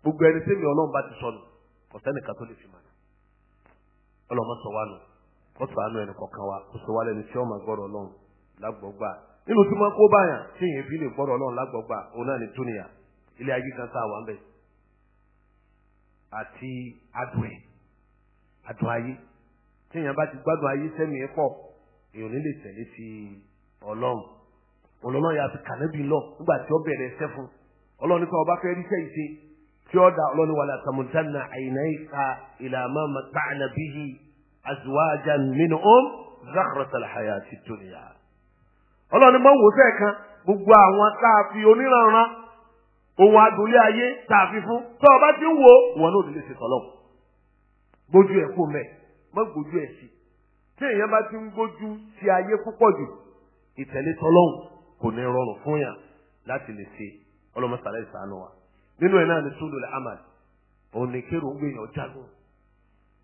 A: gbogbo ẹni tí mi ọlọ́run bá ti sọnù kò sẹ́nìkan tó lè fi mọ̀nà ọlọ́run sọ wá nù kó sọ àánú kọ̀ọ̀kan wa kó sọ lẹ́nu tí ọmọ gbọ́dọ̀ ọlọ́run lágbọ́gbà nínú tí wọ́n kó báyàn tí èèyàn fi lè gbọ́dọ̀ ọlọ́run lágbọ́gbà òun ọlọ́run ọlọ́run yà fi kànábì lọ nígbà tí ó bẹ̀rẹ̀ ẹsẹ̀ fún ọlọ́run nípa ọba fẹ́ẹ́ ríṣẹ́ ìṣe tí ó da ọlọ́run wàlẹ̀ àtàmùtánà àyìnà ìka ìlànà mọ̀tàánà bíhi azuwaja nínú ọ́n zakhratal hayati dunya. ọlọ́run mọ̀ wò sẹ́ẹ̀ kan gbogbo àwọn tá a fi oníranran ohun adùnlé ayé tá a fi fún tó ọba ti ń wo wọn náà nílé ṣètò gbójú ẹ̀ kó mẹ́ mọ́ gbójú ẹ̀ sí tí èèyàn bá ti ń gbójú ti ayé púpọ̀ jù ìtẹ̀lé tọ́lọ́hùn kò ní rọrùn fún yàn láti lè ṣe ọlọ́mọsàlẹ̀ ìsànù wa nínú ẹ̀ náà ni sùlù amadi òun ni kérò gbèyàn jágùn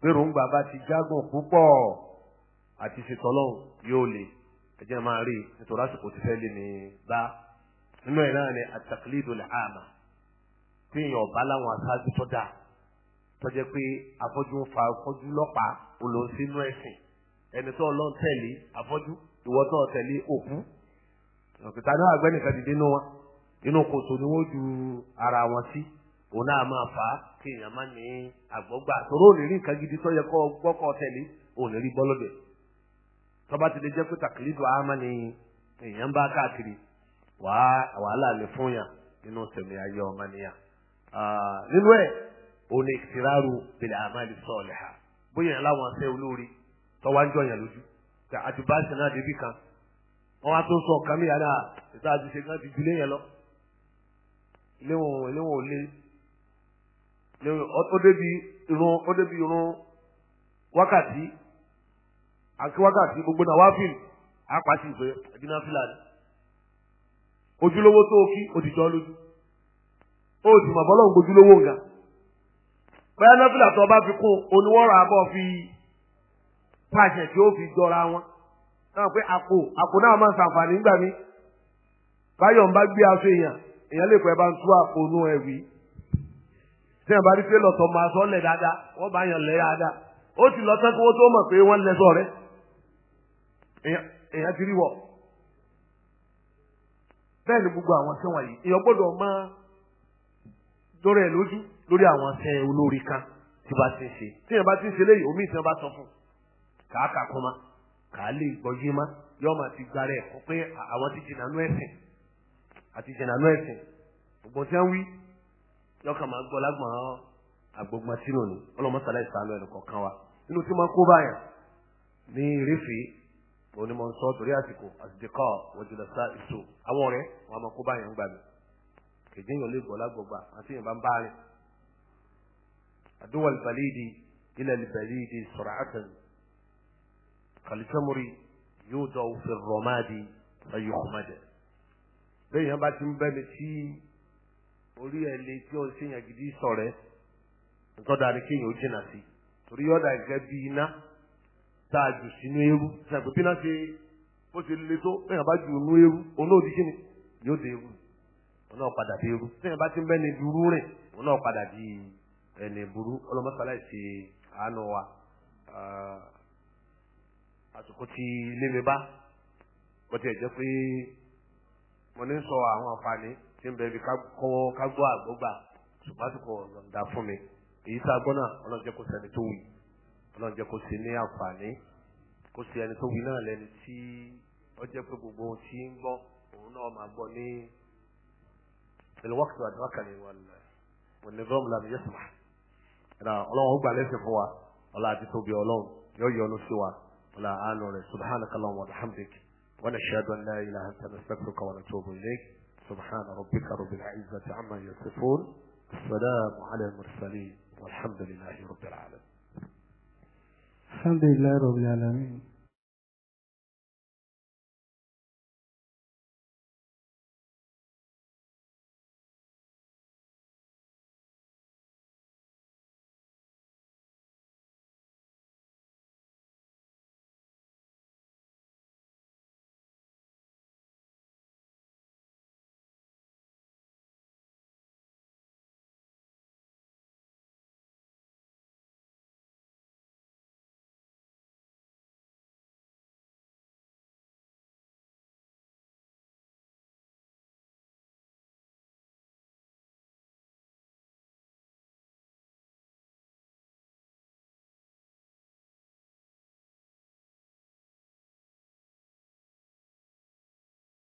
A: gbèrò gbà bá ti jágùn púpọ̀ àti yóò le ẹ̀jẹ̀ máa rí nítorí àsìkò ti fẹ́ lé ní bá nínú ẹ̀ náà ni àtàkìlídò lè àmà tí èèyàn ọ̀bá láwọn aṣáájú tó dáa tó jẹ́ pé afọ́jú ń fa afọ́jú lọ́pàá òun ìwọ tó ofu òkú ọ̀kìtà náà àgbẹ̀nìkan dìde nù wọn inú kòtò ara wọn sí òun náà máa fà á kí èèyàn má ní àgbọ́gbà tóró ò lè rí nǹkan gidi tó yẹ kọ́ gbọ́kọ̀ tẹ̀lé ò lè rí tọ́ba ti lè jẹ́ pé tàkìlídù àmà ni èèyàn bá káàkiri wàhálà lè fún yàn nínú ayé ọmọ nínú ẹ̀ ni ha bóyá láwọn ṣẹ́ olórí àti báàsì náà débi kan wọn wá tó sọ kàmí yàrá ìta àti ṣe kan ti ju léyìn lọ léwọn léwọn ò lé ó débi irun ó débi irun wákàtí àti wákàtí gbogbo náà wá fìlì àpàtì ìfẹ́ ẹdínà fìlàní ojúlówó tó o kí òdìjọ lójú ó sì mọ̀ bọ́lọ́ ń gbójúlówó nga bẹ́ẹ̀ náà fìlà tó o bá fi kún oníwọ́ra bọ́ fi pàṣẹ tí ó fi jọra wọn náà pé àpò àpò náà máa ń ṣàǹfààní nígbà mí báyọ̀ ń bá gbé aṣọ èèyàn èèyàn lè pẹ́ bá ń tú àpò nú ẹ̀ wí tí èèyàn bá rí pé lọ́tọ̀ máa sọ lẹ̀ dáadáa wọ́n bá yàn lẹ́ dáadáa ó ti lọ tán kí wọ́n tó mọ̀ pé wọ́n lẹ́sọ̀ rẹ̀ èèyàn ti rí wọ̀ bẹ́ẹ̀ ni gbogbo àwọn tí wọ̀nyí èèyàn gbọ́dọ̀ máa dọ́rọ̀ ẹ̀ lójú lórí àwọn ṣẹ́ olórí kan tí bá ti ń ṣe tí èèyàn bá ti ń ṣe léyìí omi ìsìn bá sọ fún un kàákà kún ma kàá lè gbọ́yé ma yóò máa ti gba rẹ̀ kó pé àwọn ti jìnnà nú ẹ̀sìn àti jìnnà nú ẹ̀sìn gbogbo tí wọ́n wí yóò kà máa gbọ́ lágbọ̀n àgbọ̀gbọ̀n tí lónìí ọlọ́mọsálá ìsàlọ ẹnì kọ̀ọ̀kan wa nínú tí wọ́n kó báyà ní ìrẹ́fẹ̀ẹ́ onímọ̀ nsọ́ torí àsìkò àsìdìkọ́ wọ́jọ́lọ́sá ìṣó àwọn ọ̀rẹ́ wọn máa kó báyà ń gbà mí kèjé yàn lè gbọ́ lágbọ̀gbà àti yàn bá ń bá rìn àdúwà ìbàlídìí ilẹ̀ ìbàlídìí sọ̀rọ̀ àtẹ̀yìn kàlítẹ́mùrì yóò dọ̀ òfin rọ̀máàdì ẹ̀yọ kọ̀mọ́dẹ̀. bẹ́ẹ̀ yẹn bá ti ń bẹ́ni tí orí ẹ̀ lè tí ó ń ṣèyàn gidi sọ̀rẹ́ nǹkan dáa ni kéèyàn ó jìnnà sí torí yọ̀ọ̀dà gẹ́gẹ́ bí iná tá a jù sínú eérú ṣàgbé bí náà ṣe ó ṣe le tó bẹ́ẹ̀ yẹn bá jù nú eérú òun náà di yóò dé eérú òun náà padà dé eérú bẹ́ẹ̀ yẹn bá ti ń bẹ́ni dúró rìn òun náà padà di ẹni burú ọlọ́mọ́sálá àsìkò ti lé mi bá bó tiẹ̀ jẹ́ pé mo ní sọ àwọn àǹfààní tí ń bẹ bí kọ́wọ́ ká gbọ́ àgbọ́gbà ṣùgbọ́n àsìkò ọ̀nàdà fún mi èyí tá a gbọ́ náà ọlọ́run jẹ́ kó sẹ́ni tó wù ọlọ́run jẹ́ kó sí ní àǹfààní kó sí ẹni tó wù náà lẹ́ni tí ó jẹ́ pé gbogbo ohun tí ń gbọ́ òun náà máa gbọ́ ní الوقت أدركني والنظام لم يسمح أنا الله هو بعليه فوا الله عتيبي الله يو يو نسوا ولا عال ولا سبحانك اللهم وبحمدك ونشهد أن لا إله أنت نستغفرك ونتوب إليك سبحان ربك رب العزة عما يصفون السلام على المرسلين والحمد لله رب العالمين الحمد لله رب العالمين